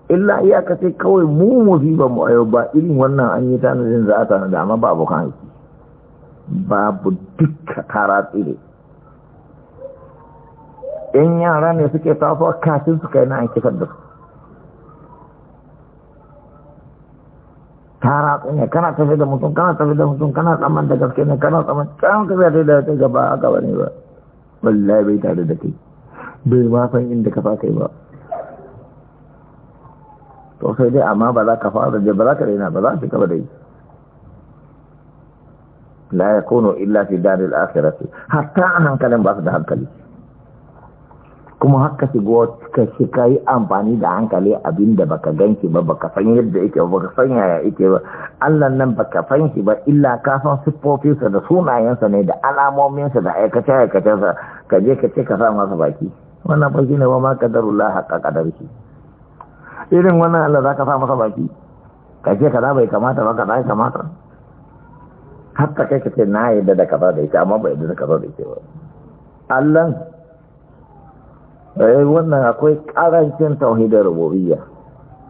illa iyaka sai kawai mu musibar mu ayo ba irin wannan an yi tanadin za a tanada amma ba abokan aiki babu dukka kara tsire in yara ne suke tasowa kafin su kai na an kifar da su tara tsanya eh, kana tafi da mutum kana tafi da mutum kana tsaman da gaske ne kana tsaman can ka zai da ta gaba a gaba ne ba wallahi bai tare da kai bai ma san inda ka kai ba to sai dai amma ba za ka fara da ba za ka daina ba za ka gaba da yi la yakunu illa fi daril akhirati hatta an hankalin ba su da hankali kuma haka shigo ka shi ka yi amfani da hankali abin da baka shi ba baka san yadda yake ba baka san yaya yake ba Allah nan baka san shi ba illa ka san siffofinsa da sunayensa ne da alamominsa da aikace aikacensa ka je ka ce ka sa masa baki wannan shi ne wa ma qadarullah haqqa qadarihi irin wannan Allah zaka sa masa baki ka ce da bai kamata ba ka kaza kamata hatta kai ka ce na yadda da ba da ita amma bai yadda da ba da ita ba Allah Eh, wannan akwai karancin tauhidar rububiyya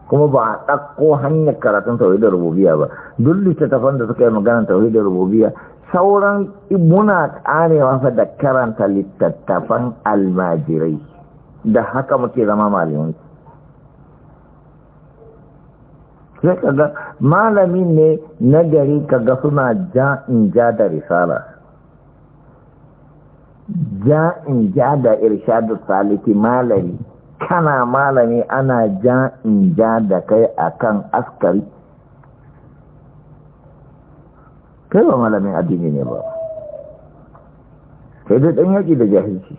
kuma ba a ɗakko hanyar karatun tauhidar rububiyya ba duk littattafan da suka yi maganar tauhidar rububiyya sauran muna ƙarewa fa da karanta littattafan almajirai da haka muke zama malamai sai kaga malami ne na gari kaga suna ja in ja da risala ja in ja da irshadu saliki malami kana malami ana ja in ja da kai akan askari kai ba malamin addini ne ba kai dai dan yaki da jahilci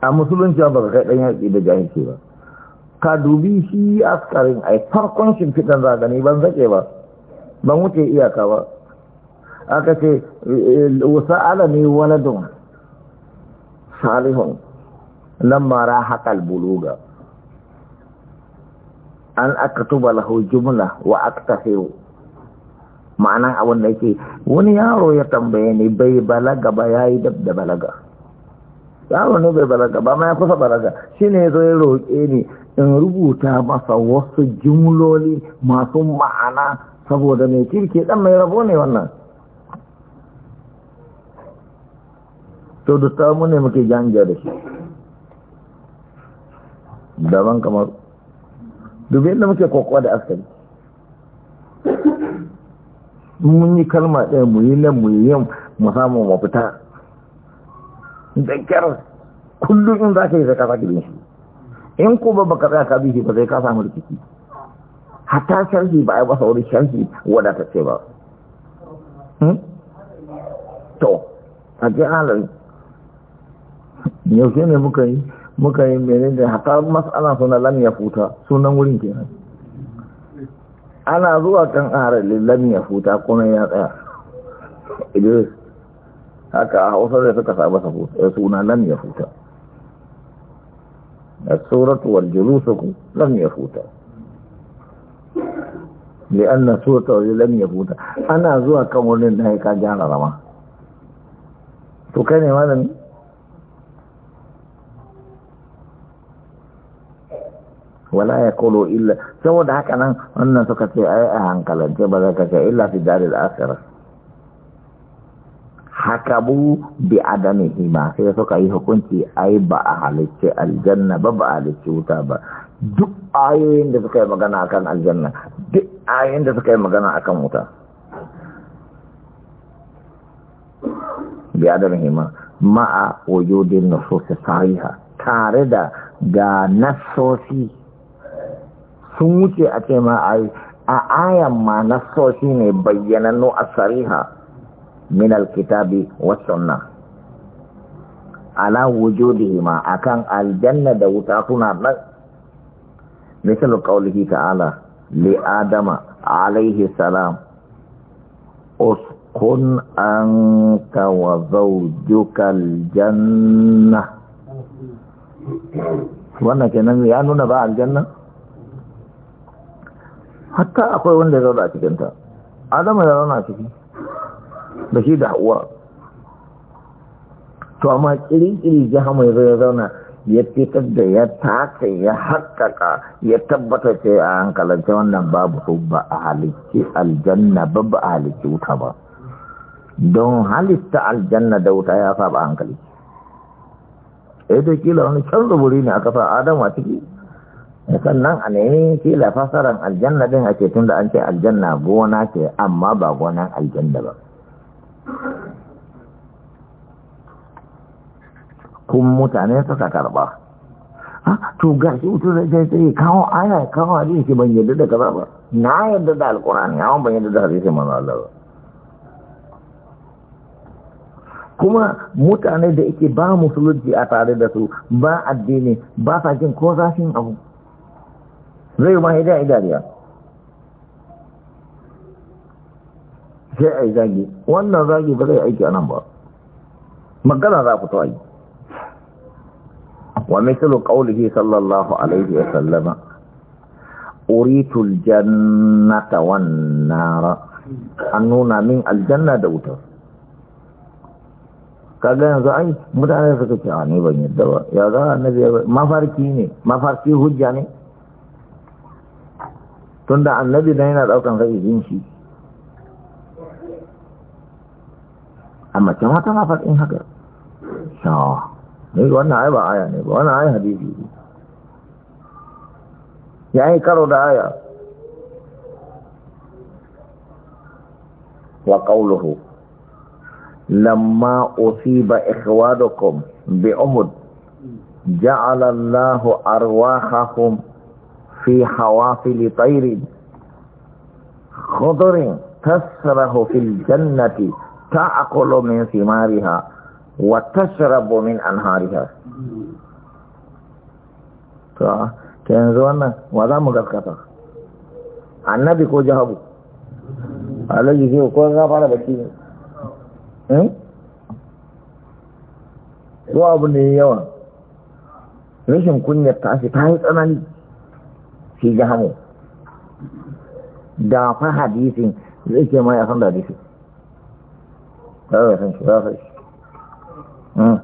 a musulunci ba ka kai dan yaki da jahilci ba ka dubi shi askarin ai farkon za gani ban zake ba ban wuce iyaka ba aka ce eh, eh, wasa'ala alami waladun salihun lamma rahaqa buluga an aktuba lahu jumla wa aktahiru ma'ana abin da yake wani yaro ya tambaye ni bai balaga ba yayi dab da balaga yaro ne bai balaga ba ma ya kusa balaga shine yazo ya roƙe ni in rubuta masa wasu jumloli masu ma'ana saboda mai kirki dan mai rabo ne wannan to da mu ne muke janja da shi daban kamar dubi inda muke kokowa da askari mun yi kalma ɗaya mu yi nan mu yi yin mu samu mafita da kyar kullum in za ka yi zaka zaki bin shi in ko ba baka tsaya ka bi shi ba zai ka samu rikici hatta sharhi ba a yi ba wani sharhi wadatacce ba hmm? to a ji halin yau ne muka yi muka yi mene da haka matsala suna lami ya futa sunan wurin ke nan ana zuwa kan ara lami ya futa kuma ya tsaya idris haka a wasu da suka saba sa futa ya suna lami futa a tsoratu jerusaku lami lamya futa da an na tsoratuwar lami lamya futa ana zuwa kan wurin da haika gyara rama to kai ne malami wala ya kolo illa saboda haka nan wannan suka ce a a hankalance ba za ka ce illa fi asira. akhirah hakabu bi adami hima sai suka yi hukunci ai ba a halicci aljanna ba ba a halicci wuta ba duk ayoyin da suka yi magana akan aljanna duk ayoyin da suka yi magana akan wuta bi adami hima ma'a wujudin nusus sariha tare da ga nasosi sun wuce a ce ma a ayan ma na shi ne bayyanannu a sariha min alkitabi wa na ala wujudi ma akan aljanna da wuta suna nan misal qaulihi ta'ala li adama alaihi salam uskun anta wa zawjuka aljanna wannan kenan ya nuna ba aljanna hatta akwai wanda zauna a cikinta adama ya zauna a ciki da shi da hauwa to amma kiri-kiri jihama ya zai zauna ya fitar da ya taka ya haƙaƙa ya tabbata ce a hankalance wannan babu su ba a halicci aljanna ba ba a halicci wuta ba don halitta aljanna da wuta ya saba hankali ya eh, ta kila wani can zuburi ne aka sa adama ciki sannan a nemi kila fasaran aljanna din ake tun da an ce aljanna gona ce amma ba gonan aljanna ba kun mutane suka karba ah, to ga shi mutum zai sai kawo aya kawo hadisi ban yadda da kaza ba na yadda da alkurani awon ban yadda da hadisi manzo Allah ba kuma mutane da ike ba musulunci a tare da su ba addini ba sa jin ko zafin abu zai yi ya a dariya sai a yi zagi wannan zagi ba zai aiki a nan ba magana za ku ta yi wa misalu qawlihi sallallahu alaihi wa sallama uritu jannata wan nara an nuna min aljanna da wuta kaga yanzu ai mutane suka ce a ne ban yadda ba ya za ba mafarki ne mafarki hujja ne tunda annabi da yana daukan ra'ayin shi amma can wata ma fadin haka shawa ne wannan ai ba aya ne ba wannan ai hadisi ne ya yi karo da aya wa qawluhu lamma usiba ikhwanukum bi uhud ja'ala Allahu arwahahum في حوافل طير خضر تسره في الجنة تأكل من ثمارها وتشرب من أنهارها كنزوانا وذا مغلقتا النبي كو جهبو على جهبو كو جهبو على بكين هو أبني يوان ليش مكون يبتعسي تاني تاني shi jahamu da fa hadisin zai ke ma ya san da hadisi ba ya san shi ba ya shi hmm.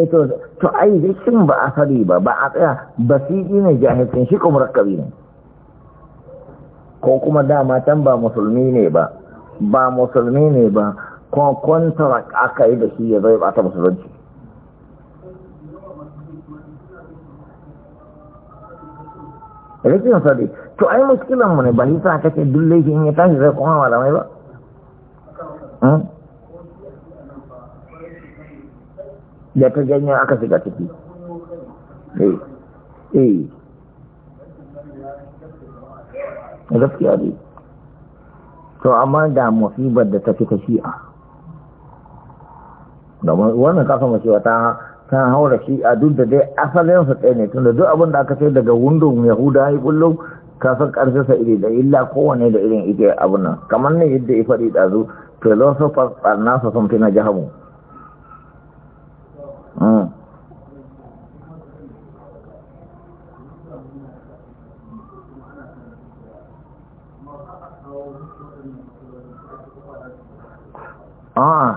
eh, to to ai shin ba a sari ba ba a tsaya basiri ne jahilcin shi kuma murakkabi ne ko kuma dama can ba musulmi ne ba ba musulmi ne ba ko kwantarak aka yi da shi ya zai bata musulunci rikin sadi to ai muskilan mu ne ba hisa kake dulle shi in ya tashi zai kuma malamai ba hmm? da ta janyo aka shiga ciki eh eh gaskiya ne to amma da musibar da ta fi ta shi'a domin wannan kasa mace ta ta haura shi a duk da dai asalin su tsaye ne da duk abin da aka sai daga wundon yahuda ya kullum kasan karfe sa iri da illa kowane da irin ike abin nan kamar ne yadda ya faɗi da zu ɓarna ɓarnasa sun fi na jihamu hmm. Ah,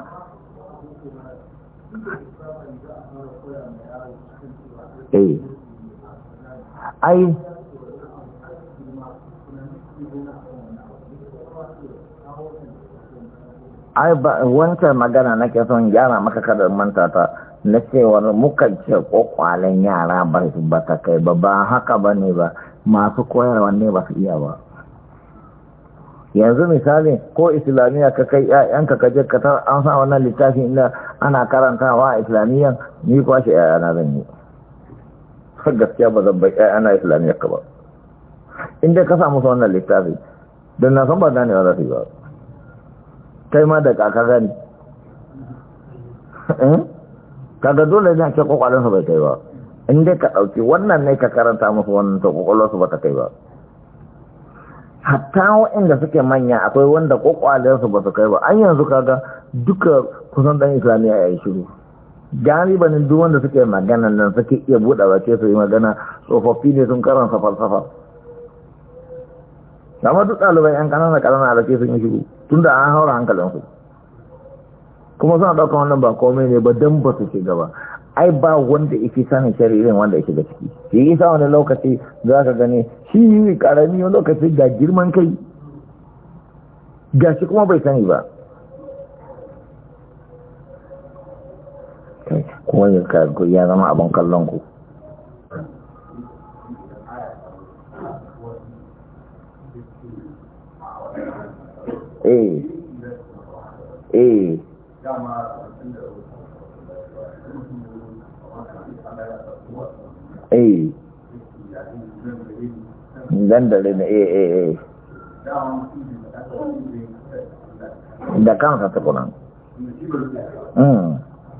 eh ai ai ba wancan magana nake son gyara maka kada manta ta na cewar muka ce kokwalen yara ba ta kai ba ba haka ba ne ba masu koyarwa ne ba su iya ba yanzu misali ko islamiyya ka kai ƴaƴan ka kaje ka tar an sa wannan littafin inda ana karantawa a islamiyya ni kwashe na zan yi kasar gaskiya ba zan bai ana islamiyya ka ba inda ka samu wannan littafi don na san ba ganewa za su yi ba kai ma da kaka gani eh? kaga dole ne ake kwakwalensu bai kai ba inda ka ɗauki wannan ne ka karanta musu wannan to kwakwalensu ba ta kai ba hatta wa'inda suke manya akwai wanda kwakwalensu ba su kai ba an yanzu kaga duka kusan dan islamiyya ya yi shiru galibanin duk wanda suke magana nan suke iya buɗa ke su yi magana tsofaffi ne sun karanta safar-safar duk ɗalibai yan ƙanana kanana da ke sun yi shigo, tun da an haura hankalinsu kuma suna ɗauka wannan ba komai ne ba don ba su ci gaba ai ba wanda yake sanin shari'in wanda yake da ciki shi isa wani lokaci za ka gani shi yi karami wani lokaci ga girman kai ga shi kuma bai sani ba kuma ya zama abin kallon ku eh, eh. eh. eh da kansa tukunan hmm.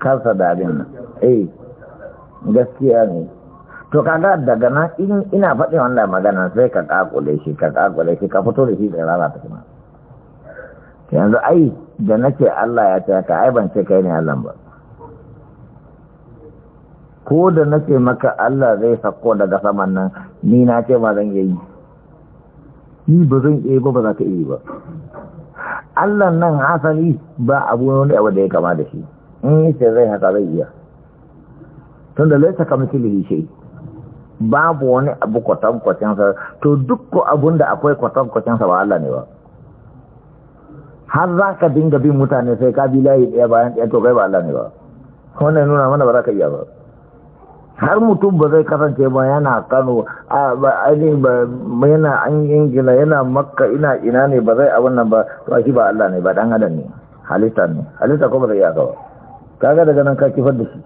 kansa da abin nan eh gaskiya ne to kaga daga na ina faɗin wannan magana sai ka kakule shi ka kakule shi ka fito da shi da rana ta kuma yanzu ai da nake Allah ya ce ka ai ban ce kai ne Allah ba ko da nake maka Allah zai sako daga saman nan ni na ce ma zan yi ni ba zan iya ba ba za ka iya ba Allah nan hasali ba abu wani abu da ya kama da shi in yi ce zai haka zai iya tun da laisa kamar silihi shi babu wani abu kwatankwacinsa to dukko abun da akwai kwatankwacinsa ba Allah ne ba har za ka dinga bin mutane sai ka bi layi ɗaya bayan ɗaya to kai ba Allah ne ba wannan nuna mana ba za ka iya ba har mutum ba zai kasance ba yana kano a ba aini ba yana an ingila yana makka ina ina ne ba zai abin nan ba to shi ba Allah ne ba dan adam ne halitta ne halitta ko ba zai yaka ba kaga daga nan ka kifar da shi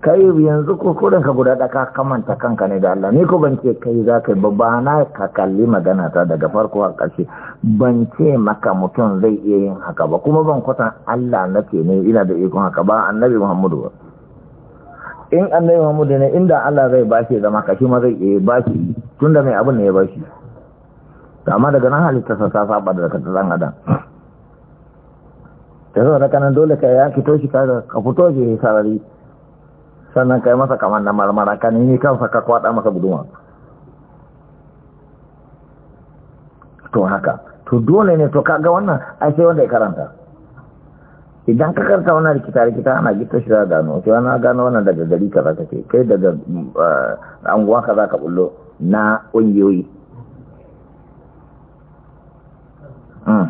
kai yanzu ko kodan ka guda daka kamanta kanka ne da Allah ne ko ban ce kai za ka babba na ka kalli magana ta daga farko a ƙarshe ban ce maka mutum zai iya yin haka ba kuma ban kwatan Allah nake ne ina da ikon haka ba annabi Muhammadu ba in annabi Muhammadu ne inda Allah zai bashi zama kashi ma zai iya bashi tunda mai abin ne ya bashi amma daga nan halitta sa saba da kata dan adam da zo da kanan dole ka ya fito shi ka ka fito shi sarari sannan kai masa kamar na marmara kan ni kansa ka kwada masa guduma to haka to dole ne to kaga wannan ai sai wanda ya karanta idan ka karta wani rikita rikita ana gita shi za gano cewa na gano wani daga gari ka za ke kai daga eh, anguwa ka za ka bullo na ƙungiyoyi hmm.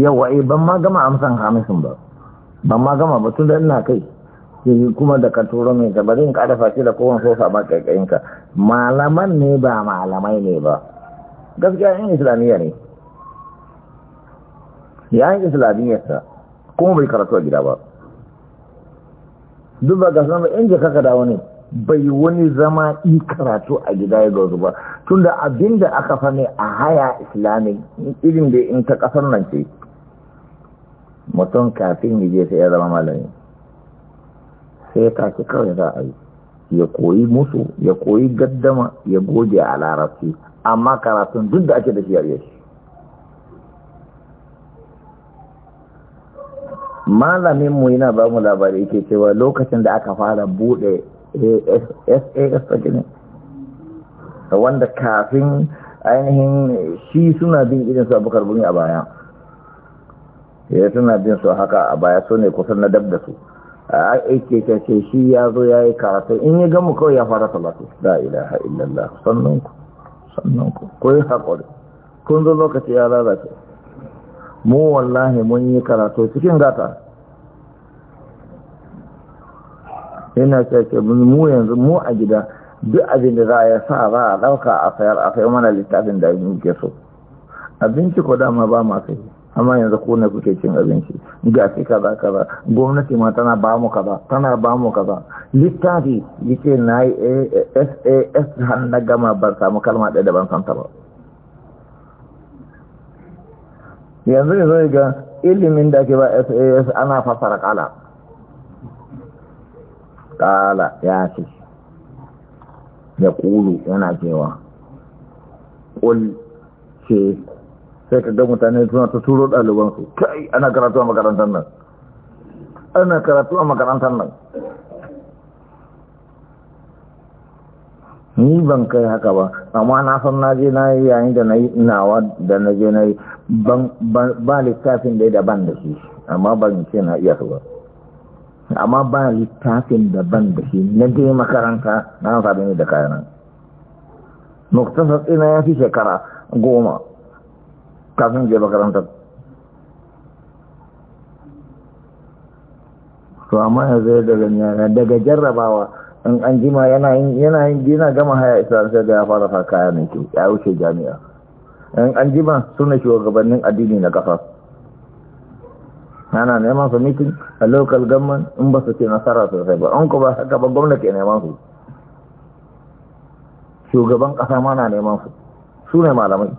yawa eh ban ma gama amsan hamisin ba ban ma gama ba tun da ina kai sai kuma da ka turo mai ka bari in ƙara face da kowane sosa ba ƙaiƙayinka malaman ne ba malamai ne ba gaskiya yan islamiyya ne ya yi islamiyyarsa kuma bai karatu a gida ba duk ba ga sanar yan jaka dawo ne bai wani zama yi karatu a gida ya gauzu ba tun da abin da aka fane a haya islami irin da in ta kasar nan ce mutum kafin yi je sai ya zama malami sai ya tashi kawai za a yi ya koyi musu ya koyi gaddama ya goge a larabci amma karatun duk da ake da shi yare shi malamin mu yana ba mu labari yake cewa lokacin da aka fara bude SAS a gini wanda kafin ainihin shi suna bin irin su abokar buni a baya ya eh, suna bin su haka a baya su ne kusan na dab da su a aiki ta ce shi ya zo ya yi karatu in ya gamu kawai ya fara salatu la ilaha illallah sannan sannan ku yi haƙuri kun zo lokaci ya lalace mu wallahi mun yi karatu cikin gata ina cike mu yanzu mu a gida duk abin da za a sa za a ɗauka a sayar a sayar mana littafin da muke so abinci ko dama ba masu yi amma yanzu ko ne kuke cin abinci ga shi kaza kaza gwamnati ma tana ba mu kaza tana ba mu kaza littafi yake na yi sas har na gama ban samu kalma ɗaya da ban santa ba yanzu yanzu ga ilimin da ke ba sas ana fasara kala kala ya ce ya kulu yana cewa ƙul ce sai ka ga mutane suna ta turo ɗalibansu kai ana karatu a makarantar nan ana karatu a makarantar nan ni ban kai haka ba amma na san na je na yi yayin da na yi nawa da na je na yi ba littafin da ya daban da shi amma ban ce na iya su ba amma ba littafin daban da shi na je makaranta na sami da kayanan muktasar tsina ya fi shekara goma kafin je makarantar to amma ya zai daga yana daga jarrabawa in an jima yana yin gina gama haya islam sai da ya fara farka ya mai ya wuce jami'a in an jima suna shugabannin addini na kafa ana neman su mitin a local government in ba su ce nasara sosai ba an ku ba haka ba gwamnati neman su shugaban kasa ma na neman su su ne malamai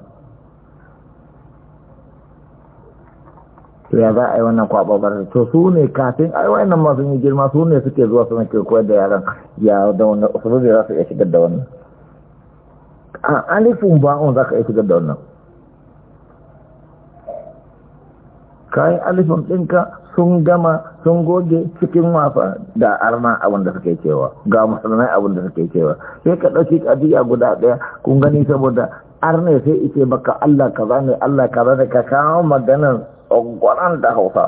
to ya za a yi wannan kwababar to su ne kafin ai wannan sun yi girma su ne suke zuwa suna ke koyar da yaran ya da wannan usulubi za su iya shigar da wannan a alifin on za ka iya shigar da wannan kayan alifin ɗinka sun gama sun goge cikin wafa da arna abin da suke cewa ga musulmai abin da suke cewa sai ka ɗauki ƙadiyya guda ɗaya kun gani saboda arne sai ice baka Allah kaza ne Allah kaza ne ka kawo maganar gwanan da hausa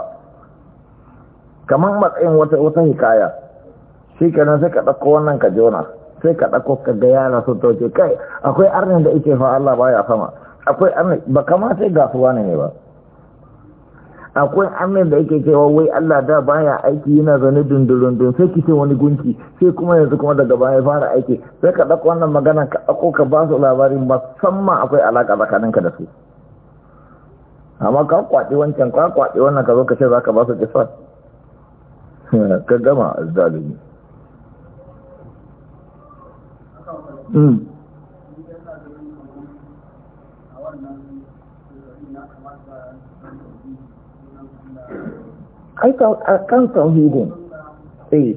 kamar matsayin wata wata hikaya shi kenan sai ka ɗauko wannan ka jona sai ka ɗauko ka ga yana sun tauce kai akwai arnin da ike fa Allah baya sama akwai arnin ba kamata ga su wani ne ba akwai arnin da ike cewa wai Allah da baya aiki yana zane dundurundun sai ki ce wani gunki sai kuma yanzu kuma daga baya fara aiki sai ka ɗauko wannan magana ka ɗauko ka ba su labarin musamman akwai alaƙa tsakaninka da su amma ka kwaɗi wancan ka kwaɗi wannan ka zo ka ce za ka ba su jifar ka gama zalimi hmm. a kan tauhidin eh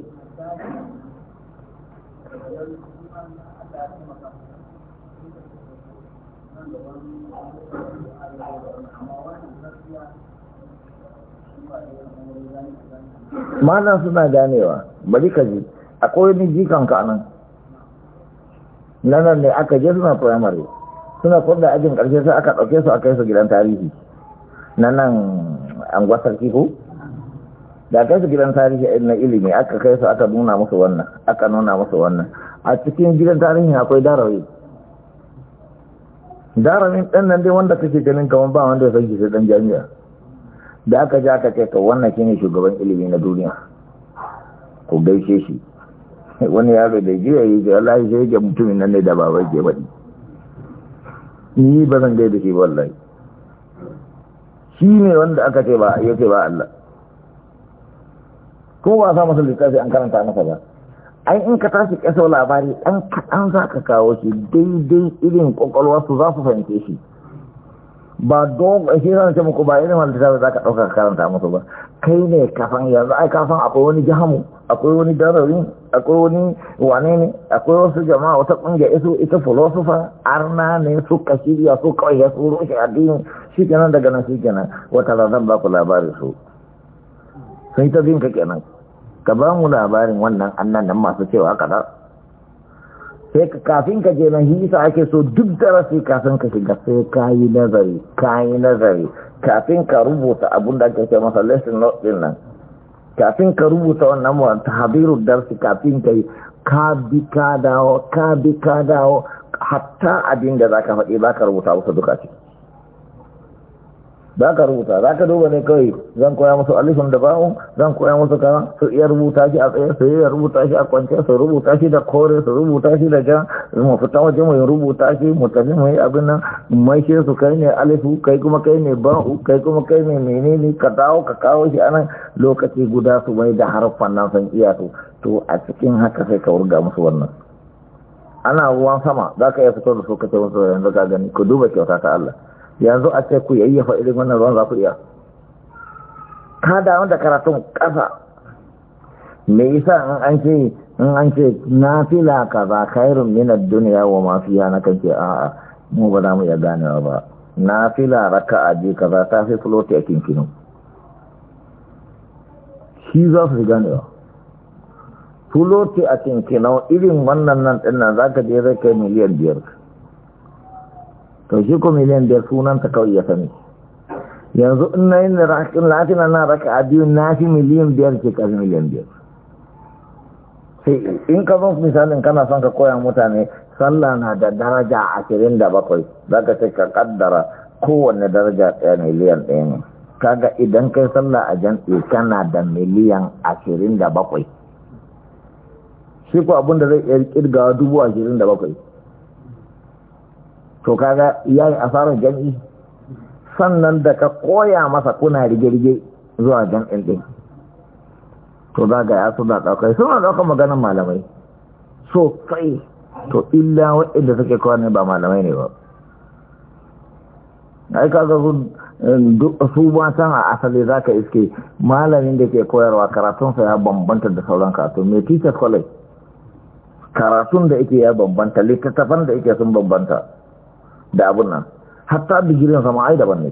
malan suna ganewa bari ka ji a wani jikan ka nan nan ne aka je suna primary suna kwanda ajin karshe su aka ɗauke su aka yi su gidan tarihi na nan an gwasar kiko da kai su gidan tarihi na ilimi aka kai su aka nuna musu wannan aka nuna musu wannan a cikin gidan tarihi akwai darawai daramin ɗan nan dai wanda kake ganin kamar ba wanda ya san shi sai dan jami'a da aka ja aka ce to wannan shine shugaban ilimi na duniya ko gaishe shi wani yaro da jiya yi ga Allah shi yake mutumin nan ne da baba ke faɗi ni ba zan gaida shi wallahi shi ne wanda aka ce ba ya ce ba Allah ko ba sa masa littafi an karanta masa ba ai in ka tashi kasa labari dan kaɗan za ka kawo shi daidai irin su za su fahimce shi ba don shi zan ce muku ba irin wanda ta za ka ɗauka karanta musu ba kai ne kafan yanzu ai kafan akwai wani jihamu akwai wani darari akwai wani wane ne akwai wasu jama'a wata ƙungiya isu ita filosofa arna ne suka shirya su kawai ya su shi addini shi kenan daga nan shi kenan wata razan ba ku labarin su sun ta bin ka kenan ka ba mu labarin wannan annan nan masu cewa kaɗan sai ka kafin ka je nan hisa ake so duk darasi kafin ka shiga sai ka yi nazari ka yi nazari kafin ka rubuta abin da ake ce masa lesson note din nan kafin ka rubuta wannan ta tahbirud darsi kafin ka yi ka bi ka dawo ka bi ka dawo hatta abin da zaka faɗi baka rubuta wasu duka za ka rubuta za ka duba ne kawai zan koya musu alifin da bawon zan koya musu kaza su iya rubuta shi a tsaye su iya rubuta shi a kwance su rubuta shi da kore su rubuta shi da jan mu fita waje mu rubuta shi mu tafi mu yi abin nan mai shi su kai ne alifu kai kuma kai ne ba'u kai kuma kai ne menene ka dawo ka kawo shi anan lokaci guda su mai da harfan nan san iya su to a cikin haka sai ka wurga musu wannan ana ruwan sama za ka iya fito da su ka ce musu yanzu ka gani ku duba kyauta ta Allah yanzu a ce ku yayyafa irin wannan ruwan za ku iya ka damu da karatun ƙasa me yasa an ce in an ce na fila ka za kairun minar duniya wa mafiya na ke a'a mu ba za mu iya ganewa ba na fila raka a je ka za ta fi fuloti a kinkinu shi za su fi ganewa fuloti a kinkinau irin wannan nan ɗin nan za ka je zai kai miliyan biyar to shi ko miliyan biyar sunan kawai ya sani yanzu in na yin latina na raka a biyu na fi miliyan biyar ke ƙarfi miliyan biyar sai in ka zo misalin kana son ka koya mutane sallah na da daraja ashirin da bakwai za ka ce ka kaddara kowanne daraja ɗaya miliyan ɗaya ne kaga idan kai sallah a jam'i kana da miliyan ashirin da bakwai shi ko abin zai iya kirgawa dubu ashirin da bakwai to kaga ya yi asarar jami'i sannan da ka koya masa kuna rige-rige zuwa jami'in ɗin to za ga ya suna ɗaukar suna ɗaukar maganar malamai so sai to illa waɗanda suke kowa ne ba malamai ne ba ai kaga su ba a asali za ka iske malamin da ke koyarwa karatunsa ya bambanta da sauran karatu mai teachers college karatun da ike ya bambanta littattafan da ike sun bambanta da abun nan hatta digirin sama ai daban ne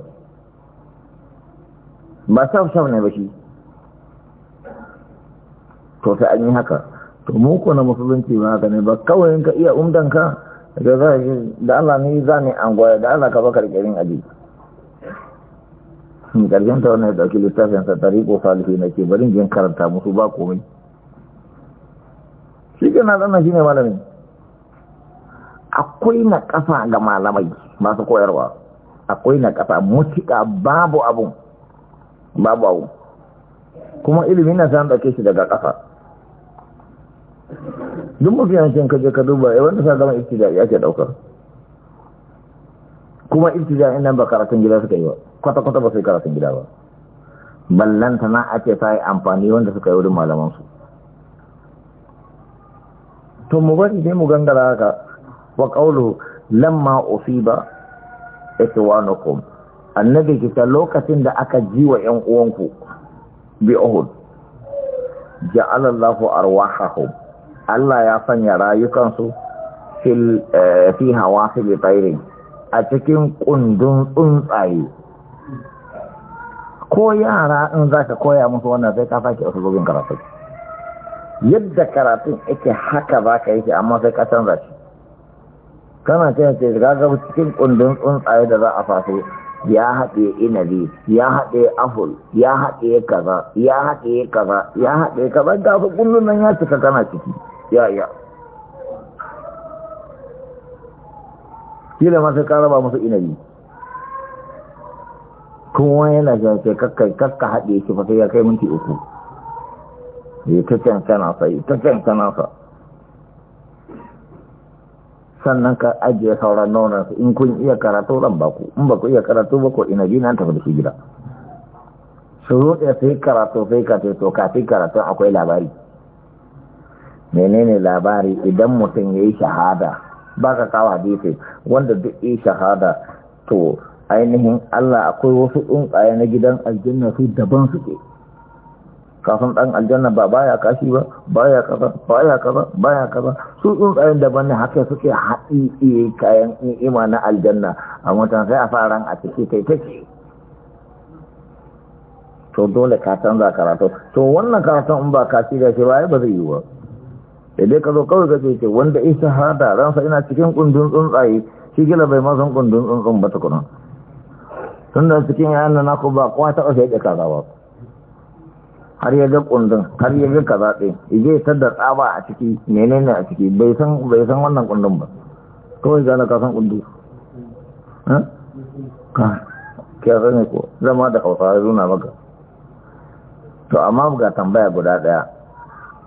ba saf-saf ne ba shi to sai an yi haka to mu ko na musulunci ba haka ne ba kawai ka iya umdanka da za da Allah ne za ne an gwaya da Allah ka ba karkarin aji in karshen ta wannan ya dauki littafin sa ko salihin na ke barin jin karanta musu ba komai shi ke na shi shine malamin akwai na ƙasa ga malamai masu koyarwa akwai na ƙasa mutuka babu abun babu abun kuma ilimin na san ɗauke shi daga ƙasa duk mafi yankin kaje ka duba ya eh, wanda sa zama iftida ya ke ɗaukar kuma iftida in nan ba karatun gida suka yi ba kwata-kwata ba su yi karatun gida ba ballanta na ake ta yi amfani wanda suka yi wurin malamansu to mu bari ne mu gangara haka wa qawlu lamma usiba ikwanukum annabi kita lokacin da aka ji wa 'yan uwanku bi ohun ja'ala Allahu arwahahum Allah ya sanya rayukansu fil eh, fi hawasil tayrin a cikin ƙundun tsuntsaye ko yara in zaka koya musu wannan sai ka sake wasu karatu yadda karatun yake haka baka yake amma sai ka canza shi kana ce ce ga cikin kundin tsuntsaye da za a faso ya haɗe inabi ya haɗe aful ya haɗe kaza ya haɗe kaza ya haɗe kaza ga su kullun nan ya cika kana ciki ya ya kila sai ka raba musu inabi kuma yana ga ce kakka kakka haɗe shi fa sai ya kai minti uku ya ta can kana sai ta can kana sai sannan ka ajiye sauran nonon su in kun iya karatu ran baku in ba ku iya karatu ba ko ina jina an tafi da su gida su ruɗe sai karatu sai ka ce to kafin karatu akwai labari menene labari idan mutum ya yi shahada ba ka kawo hadisi wanda duk yi shahada to ainihin Allah akwai wasu tsuntsaye na gidan aljanna su daban suke Kafin dan aljanna ba baya kashi ba baya kaza baya kaza baya kaza su tsuntsayen da ne haka suke haɗi e, kayan ni'ima na aljanna a mutan sai a faran a cike kai take to dole ka canza karatu to wannan karatun in ba ka ci gashi ba ba zai yi ba da dai ka zo kawai ka ce wanda isa hada ransa ina cikin kundin tsuntsaye shi gila bai san kundin tsuntsun ba tukuna Tunda cikin 'ya'yana na ku ba kwata taɓa sai ya kaza ba har ya ga kundin har ya ga kaza ɗin ije ta da tsaba a ciki menene a ciki bai san bai san wannan kundin ba kawai zana ka san kundu ka kya sani ko zama da hausa ya zuna maka to amma ga tambaya guda ɗaya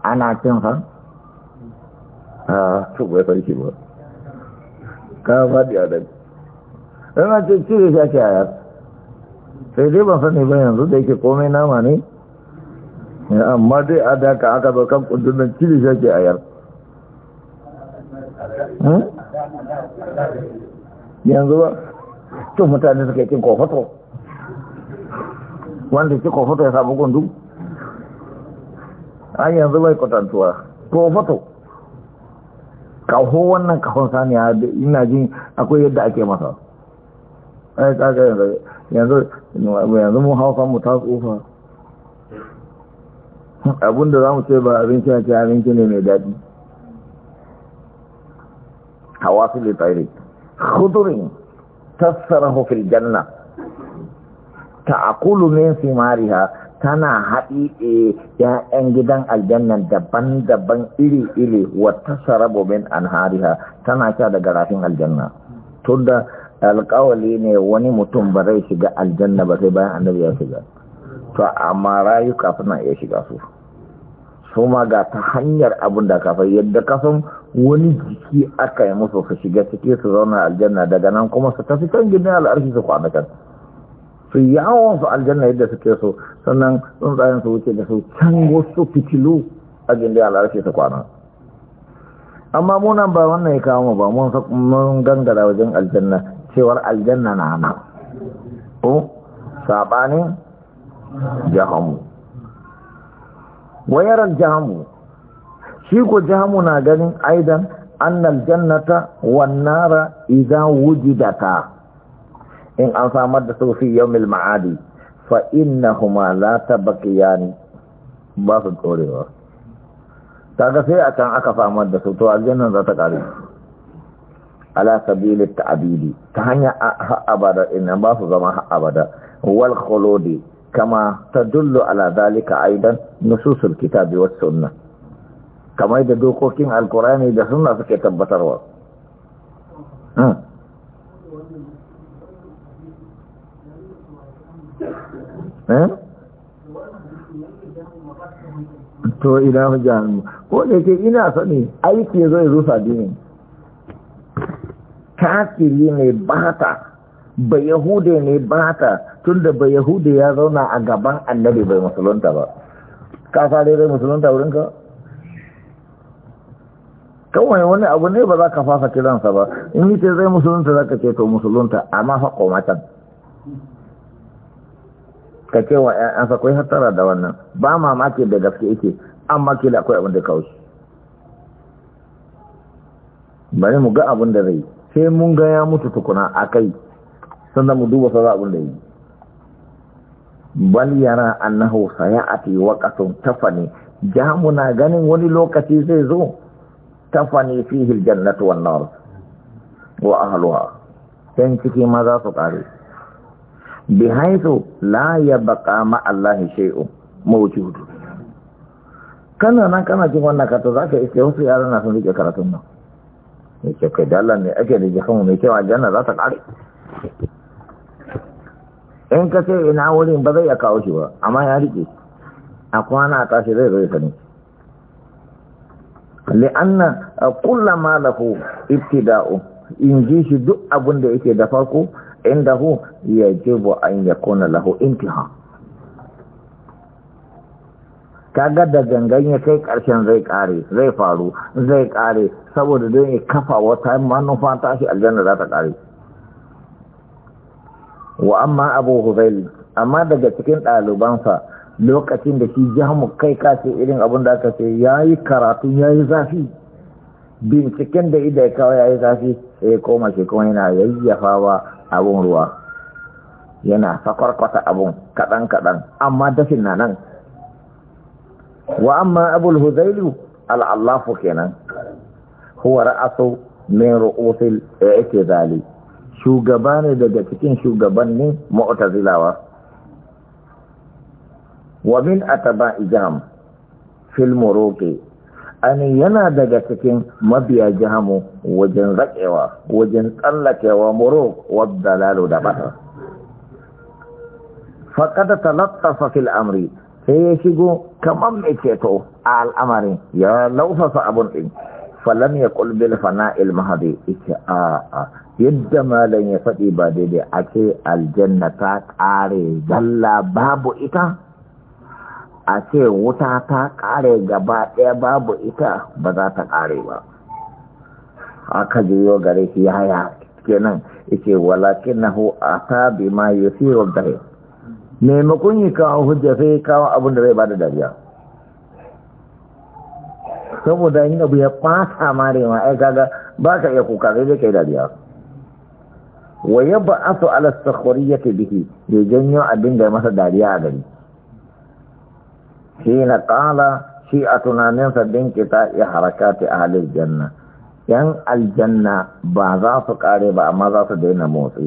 ana cin fa a bai sarki ba ka faɗi a da ɗan cin cire shi ake yayar sai dai ban sani ba yanzu da yake komai nama ne Eh, amma dai a da aka zo kan kundunan cili shake a yar hmm? yanzu ba cin mutane suka yi cin kofato wanda ci kofato ya samu gundu an yanzu bai kwatantuwa kofato kawo wannan kafin saniya ina jin akwai yadda ake masa ai yanzu yanzu mu hausa mu ta tsufa abinda za mu ce ba abinci na ce abinci ne mai daɗi hawa su tsari hudurin tassarahu janna ta'akulu min simariha tana haɗi a eh, ‘ya'yan gidan aljannan daban-daban iri-iri wata sharabo min hariha, tana sha daga rafin aljanna tunda alƙawali ne wani mutum ba zai shiga aljanna ba sai bayan annabi ya shiga to amma rayuka suna iya shiga su su ma ga ta hanyar abin da kafa yadda kasan wani jiki aka yi musu su shiga ciki su zauna aljanna daga nan kuma su tafi can gina al'arshi su kwana kan su yawon su aljanna yadda suke so sannan tsayin su wuce da su can wasu fitilu a gina al'arshi su kwana amma muna ba wannan ya kawo mu ba mun gangara wajen aljanna cewar aljanna na nan jahamu wayarar jahamu shi ko jahamu na ganin aidan annal jannata wan nara idza wujidata in an samar da su fi yawmil ma'adi fa innahuma la tabqiyan ba su Ta kaga sai a kan aka samar da su to aljanna za ta kare ala sabili ta'abidi ta hanya abada inna ba su zama abada wal khuludi كما تدل على ذلك أيضا نصوص الكتاب والسنة كما إذا دوقوكين القرآن إذا سنة فكتب بطروا to ina hujjan ko da ke ina sani aiki zai rusa dini ta kafiri ne ba ta ba yahude ne ba ta tun da ba yahude ya zauna a gaban annabi bai musulunta ba ka fara yi musulunta wurinka kawai wani abu ne ba za ka fafa kiransa ba in yi ce zai musulunta za ka ce to musulunta amma fa komatan ka ce wa ‘ya'yansa kai hattara da wannan ba mamaki da gaske an amma da akwai abin da kawai bari mu ga abin da zai sai mun ga ya mutu tukuna a kai sannan mu duba sauran a da yi bal yara annahu sayati waqatun tafani jamuna ganin wani lokaci zai zo tafani fihi aljannatu wan nar wa ahluha dan ciki ma za su kare bi haythu la yabqa ma Allah shay'u mawjud kana nan kana jin wannan ka to zaka iske wasu yara na sun rike karatun nan yake kai da Allah ne ake da jikan mai kyau aljanna za ta kare in ka ce ina wurin ba zai ya kawo shi ba amma ya rike a kwana tashi zai zai sani li'anna kullama lahu ibtida'u in ji shi duk abin da yake da farko inda hu ya an ya kona lahu intiha kaga da gangan ya kai karshen zai kare zai faru zai kare saboda don ya kafa wata manufa tashi aljanna za ta kare wa amma abu huzaili amma daga cikin ɗalibansa lokacin da shi ji jahmu kai kace irin abin da aka ce ya yi karatu ya yi zafi binciken da ida ya kawo ya yi zafi sai ya koma shi kuma yana yayyafawa abun ruwa yana sakwarkwata abun kaɗan-kaɗan amma dafin na nan wa amma abul huzailu al'allafu kenan huwa ra'asu min ru'usil zali. shugaba ne daga cikin shugabannin mu'tazilawa wa min ataba ijam fil muruqi ani yana daga cikin mabiya jihamu wajen raƙewa wajen tsallakewa muro wadda lalo da bata faƙada talattafa fil amri sai ya shigo kamar mai ceto a al'amarin ya laufasa abun ɗin falam ya ƙulbil fana'il mahadi ita a yadda malam ya faɗi ba daidai ake aljanna ta ƙare zalla babu ita a ce wuta ta ƙare gaba ɗaya babu ita ba za ta ƙare ba Aka jiyo gare shi yaya kenan ike walakin na ta bi ma ya siro gare maimakon yi kawo hujja sai kawo abin da zai ba da dariya saboda yin abu ya ɓata marewa ai gaga ba ka iya kuka zai zai kai dariya wa ya ba'asu ala sakhuriyyati bihi ya janyo abin da masa dariya a gari hina qala shi a tunaninsa din kita ya harakati halin janna yan aljanna ba za su kare ba amma za su daina motsi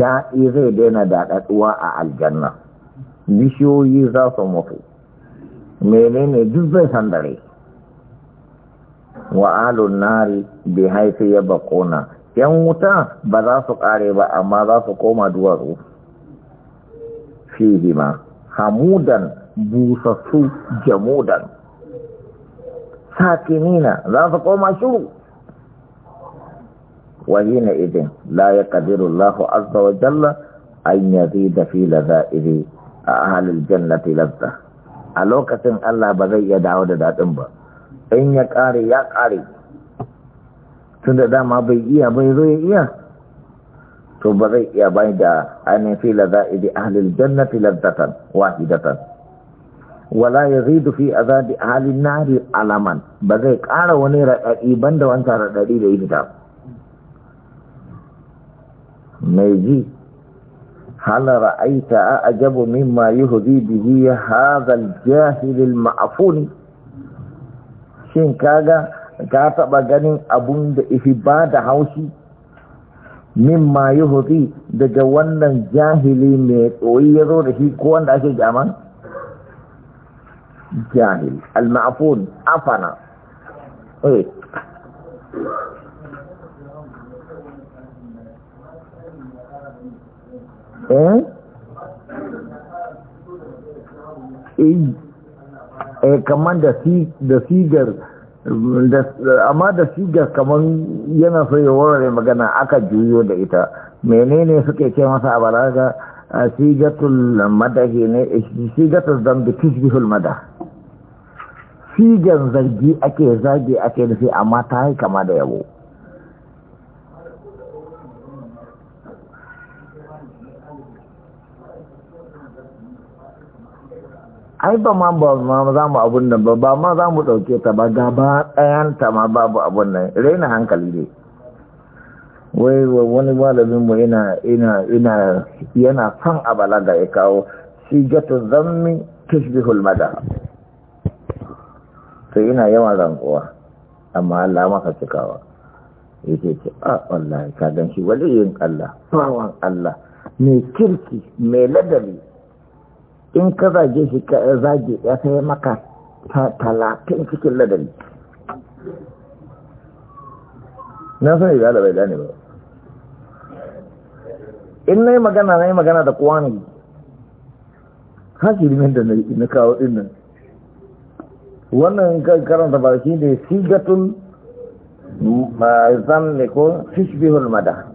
da'i zai daina daɗaɗuwa a aljanna bishiyoyi za su mutu menene duk zai sandare wa nari bai haifi ya bakona ‘yan wuta ba za su ƙare ba amma za su koma duwatsu fi ma hamudan busassu jamudan sati nina za su koma shuru Wani na idin la ya ƙadiru lahu azza wa jalla an yazi da fi laza iri a halin jannati lazza a lokacin allah ba zai iya dawo da daɗin ba in ya ƙare ya ƙare tun da dama bai iya bai zo ya iya to ba zai iya bai da ainihin fi laza'idi ahlil jannati lazzatan wahidatan wala yazidu fi azadi ahlin nari alaman ba zai kara wani radadi banda wanda radadi da ita mai ji هل رأيت أعجب مما يهدي به هذا الجاهل المعفون شين كاغا ka taɓa ganin abun da ifi ba da haushi mimma hudi daga wannan jahili mai tsoyi ya zo da shi ko wanda ake jaman jahil al afana eh. eh eh eh kamar da sigar amma da sigar kamar yana so ya warware magana aka juyo da ita menene suke ce masa a balaga sigatul madahi ne eh, sigatul zambi tisbihul madah sigan zargi ake zage ake nufi amma ta yi kama da yabo ai ba ma ba za mu abun nan ba ba ma za mu ɗauke ta ba gaba ɗayanta ma babu abun nan raina hankali ne wai wani malamin mu ina ina ina yana son a balaga ya kawo gato zammi tashbihul mada To ina yawan rantsuwa amma Allah maka cikawa yake ce a wallahi ka gan shi waliyin Allah bawan Allah mai kirki mai ladabi in ka zage shi ka zage ya sai maka talatin cikin ladabi na sani da bai gane ba in na yi magana na yi magana da kowa ne haƙi rimin da na kawo din nan wannan karanta ba shi ne sigatun zan ne ko fishbihul mada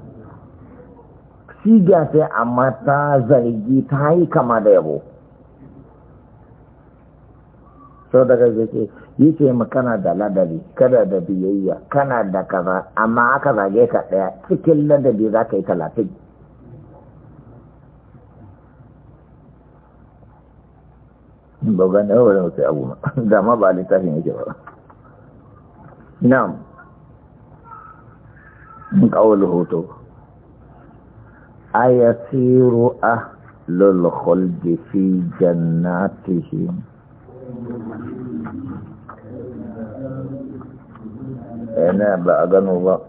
siga sai amma ta zargi ta yi kama da yabo sau daga yake yi ce kana da ladabi kada da biyayya kana da kaza amma aka zage ka daya cikin ladabi za ka yi talatin ba gane wani mutu abu ma dama ba littafin yake ba na'am ƙawar hoto ayasiru a lulhul fi jannatihim انا بعدن الله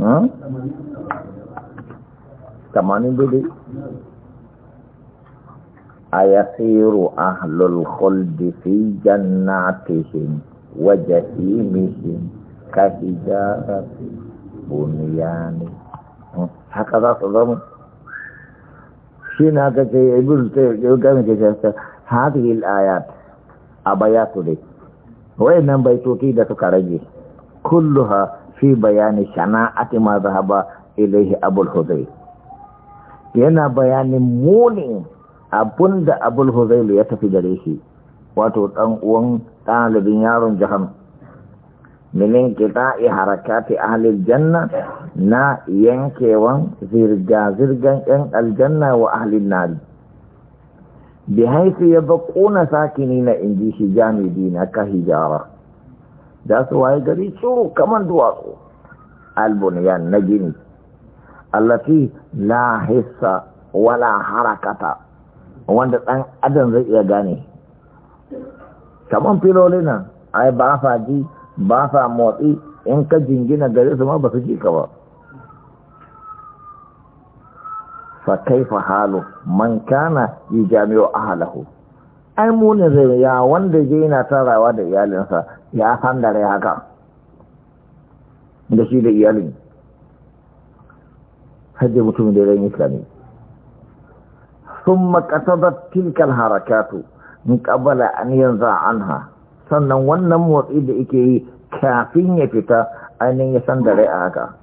ها تمانين دي ايسير اهل الخلد في جناتهم وجحيمهم كحجارة بنيان هكذا تضمن شين هكذا يقول يقول hadhihi al-ayat abayatu dai wayannan baitoki da suka rage kulluha fi bayani shana'ati ma zahaba ilaihi abul hudayl yana bayanin munin abunda abul hudayl ya tafi gare shi wato dan uwan ɗalibin yaron jahannam minin kita'i harakati ahlil janna na yankewan zirga-zirgan 'yan aljanna wa ahli nari bi haifu ya bakuna sakini na inji shi jami'i na ka hijara da su waye gari tsoro kamar duwatsu albuniyan na gini allafi la hissa wala harakata wanda ɗan adam zai iya gane kamar filoli nan ai ba sa ji ba sa motsi in ka jingina gari su ma ba su ji ka ba fa kaifa halu man kana yujami'u ahlahu ai mu ne ya wanda je yana tarawa da iyalinsa ya san da rai haka da shi da iyalin hajji mutum da ran islami ثم قصدت تلك الحركات من قبل أن ينزع anha. sannan wannan motsi da yake yi kafin ya fita ainihin ya san da a haka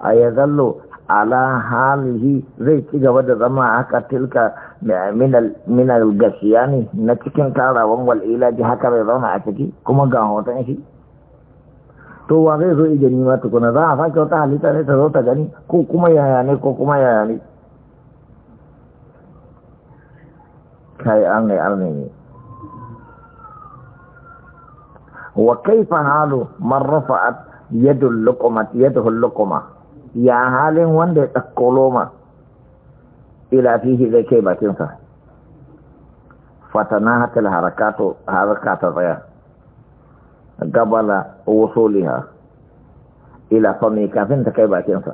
a ya zallo ala halihi zai ci gaba da zama haka tilka minal gashiya ne na cikin tarawan wal'ilaji haka bai zauna a ciki kuma ga hoton shi to wa zai zo igani ma tukuna za a sake wata halitta ne ta zo ta gani ko kuma yaya ne ko kuma yaya ne kai an mai arne ne wa kaifa halu man rafa'at yadul luqmat yadul luqma ya halin wanda ya ɗakko loma ila fihi zai kai bakinsa fatana hatil haraka ta tsaya gabala liha, ila fami kafin ta kai bakinsa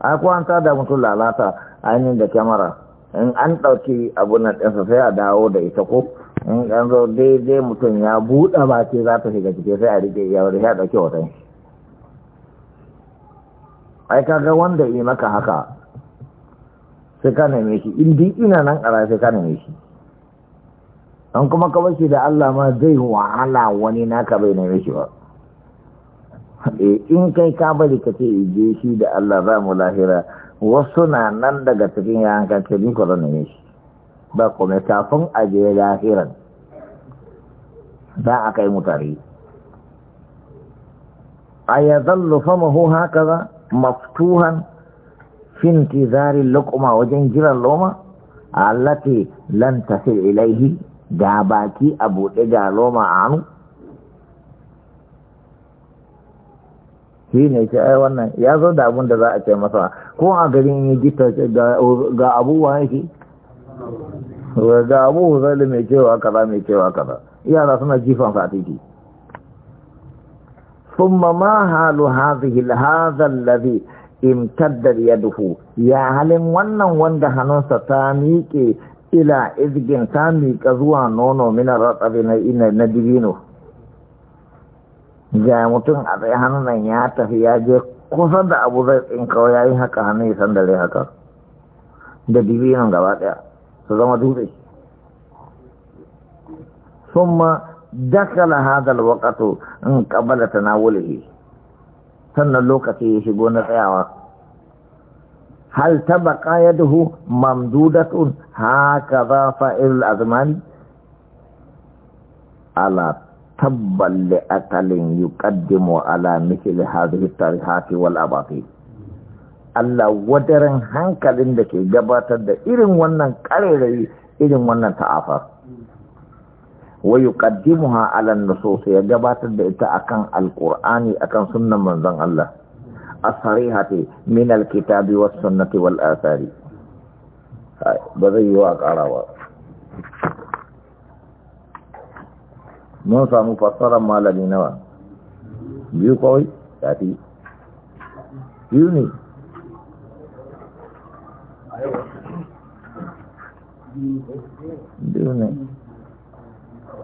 a kwanta da mutu lalata ainihin da kyamara in an ɗauki na ɗinsa sai a dawo da ita ko in an zo daidai mutum ya buɗe baki za ta shiga cike sai a rike yawar ya ɗauki wata shi ai kaga wanda yi maka haka sai ka neme shi indi ina nan a sai ka neme shi an kuma ka bashi da Allah ma zai wahala wani naka bai neme shi ba eh, in kai ka bari ka ce je shi da Allah za mu lahira wasu na nan daga cikin yayan ka ce ni kwazo neme shi ba kuma kafin a je lahiran za a kai mutare a ya zallu famahu haka za maftuhan finti zari lokuma wajen jiran loma allati lan tasir ilaihi ga baki a buɗe ga loma a hannu shi ne ce ai wannan ya zo da abin da za a ce masa ko a garin yi gita ga abubuwa yake ga abubuwa zai mai cewa kaza mai cewa kaza yara suna jifan fatiki ثم ما حال هذه هذا الذي امتدت يده يا halin wannan wanda hannunsa ta miƙe ila izgin ta miƙa zuwa nono mina ratsabi na ina na dibino ga mutum a tsaye hannun ya tafi ya kusa da abu zai tsinka ya yi haka hannun ya haka da dibinon gaba ɗaya su zama dutse sun dakala hada waqatu in qabala tanawulihi sannan lokaci ya shigo na tsayawa hal tabaqa yaduhu mamdudatun fa fa'il azman ala tabbal li akalin yuqaddimu ala mithli hadhihi tarihati wal abati Allah wadaran hankalin da ke gabatar da irin wannan karerai irin wannan ta'afar Wai yuqaddimuha ala an-nusus ya gabatar da ita akan alqur'ani akan sunnan manzon Allah as-sarihati min alkitabi was-sunnati wal-athari ba zai yi wa karawa mun samu fassarar malami nawa biyu kawai tafi biyu ne biyu ne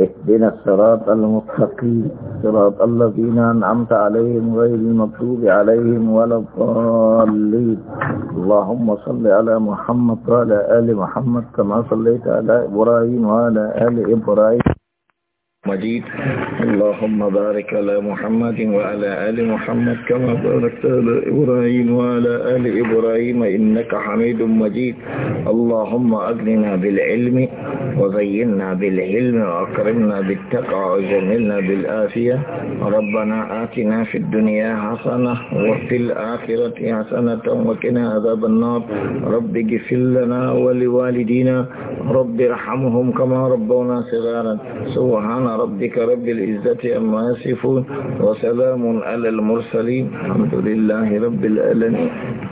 اهدنا الصراط المستقيم صراط الذين أنعمت عليهم غير المطلوب عليهم ولا الضالين اللهم صل على محمد وعلى آل محمد كما صليت على إبراهيم وعلى آل إبراهيم مجيد اللهم بارك على محمد وعلى آل محمد كما باركت على إبراهيم وعلى آل إبراهيم إنك حميد مجيد اللهم أغننا بالعلم وزينا بالعلم وأكرمنا بالتقوى وجملنا بالآفية ربنا آتنا في الدنيا حسنة وفي الآخرة حسنة وكنا عذاب النار رب اغفر لنا ولوالدينا رب ارحمهم كما ربونا صغارا سبحان ربك رب العزة أما يصفون وسلام على المرسلين الحمد لله رب العالمين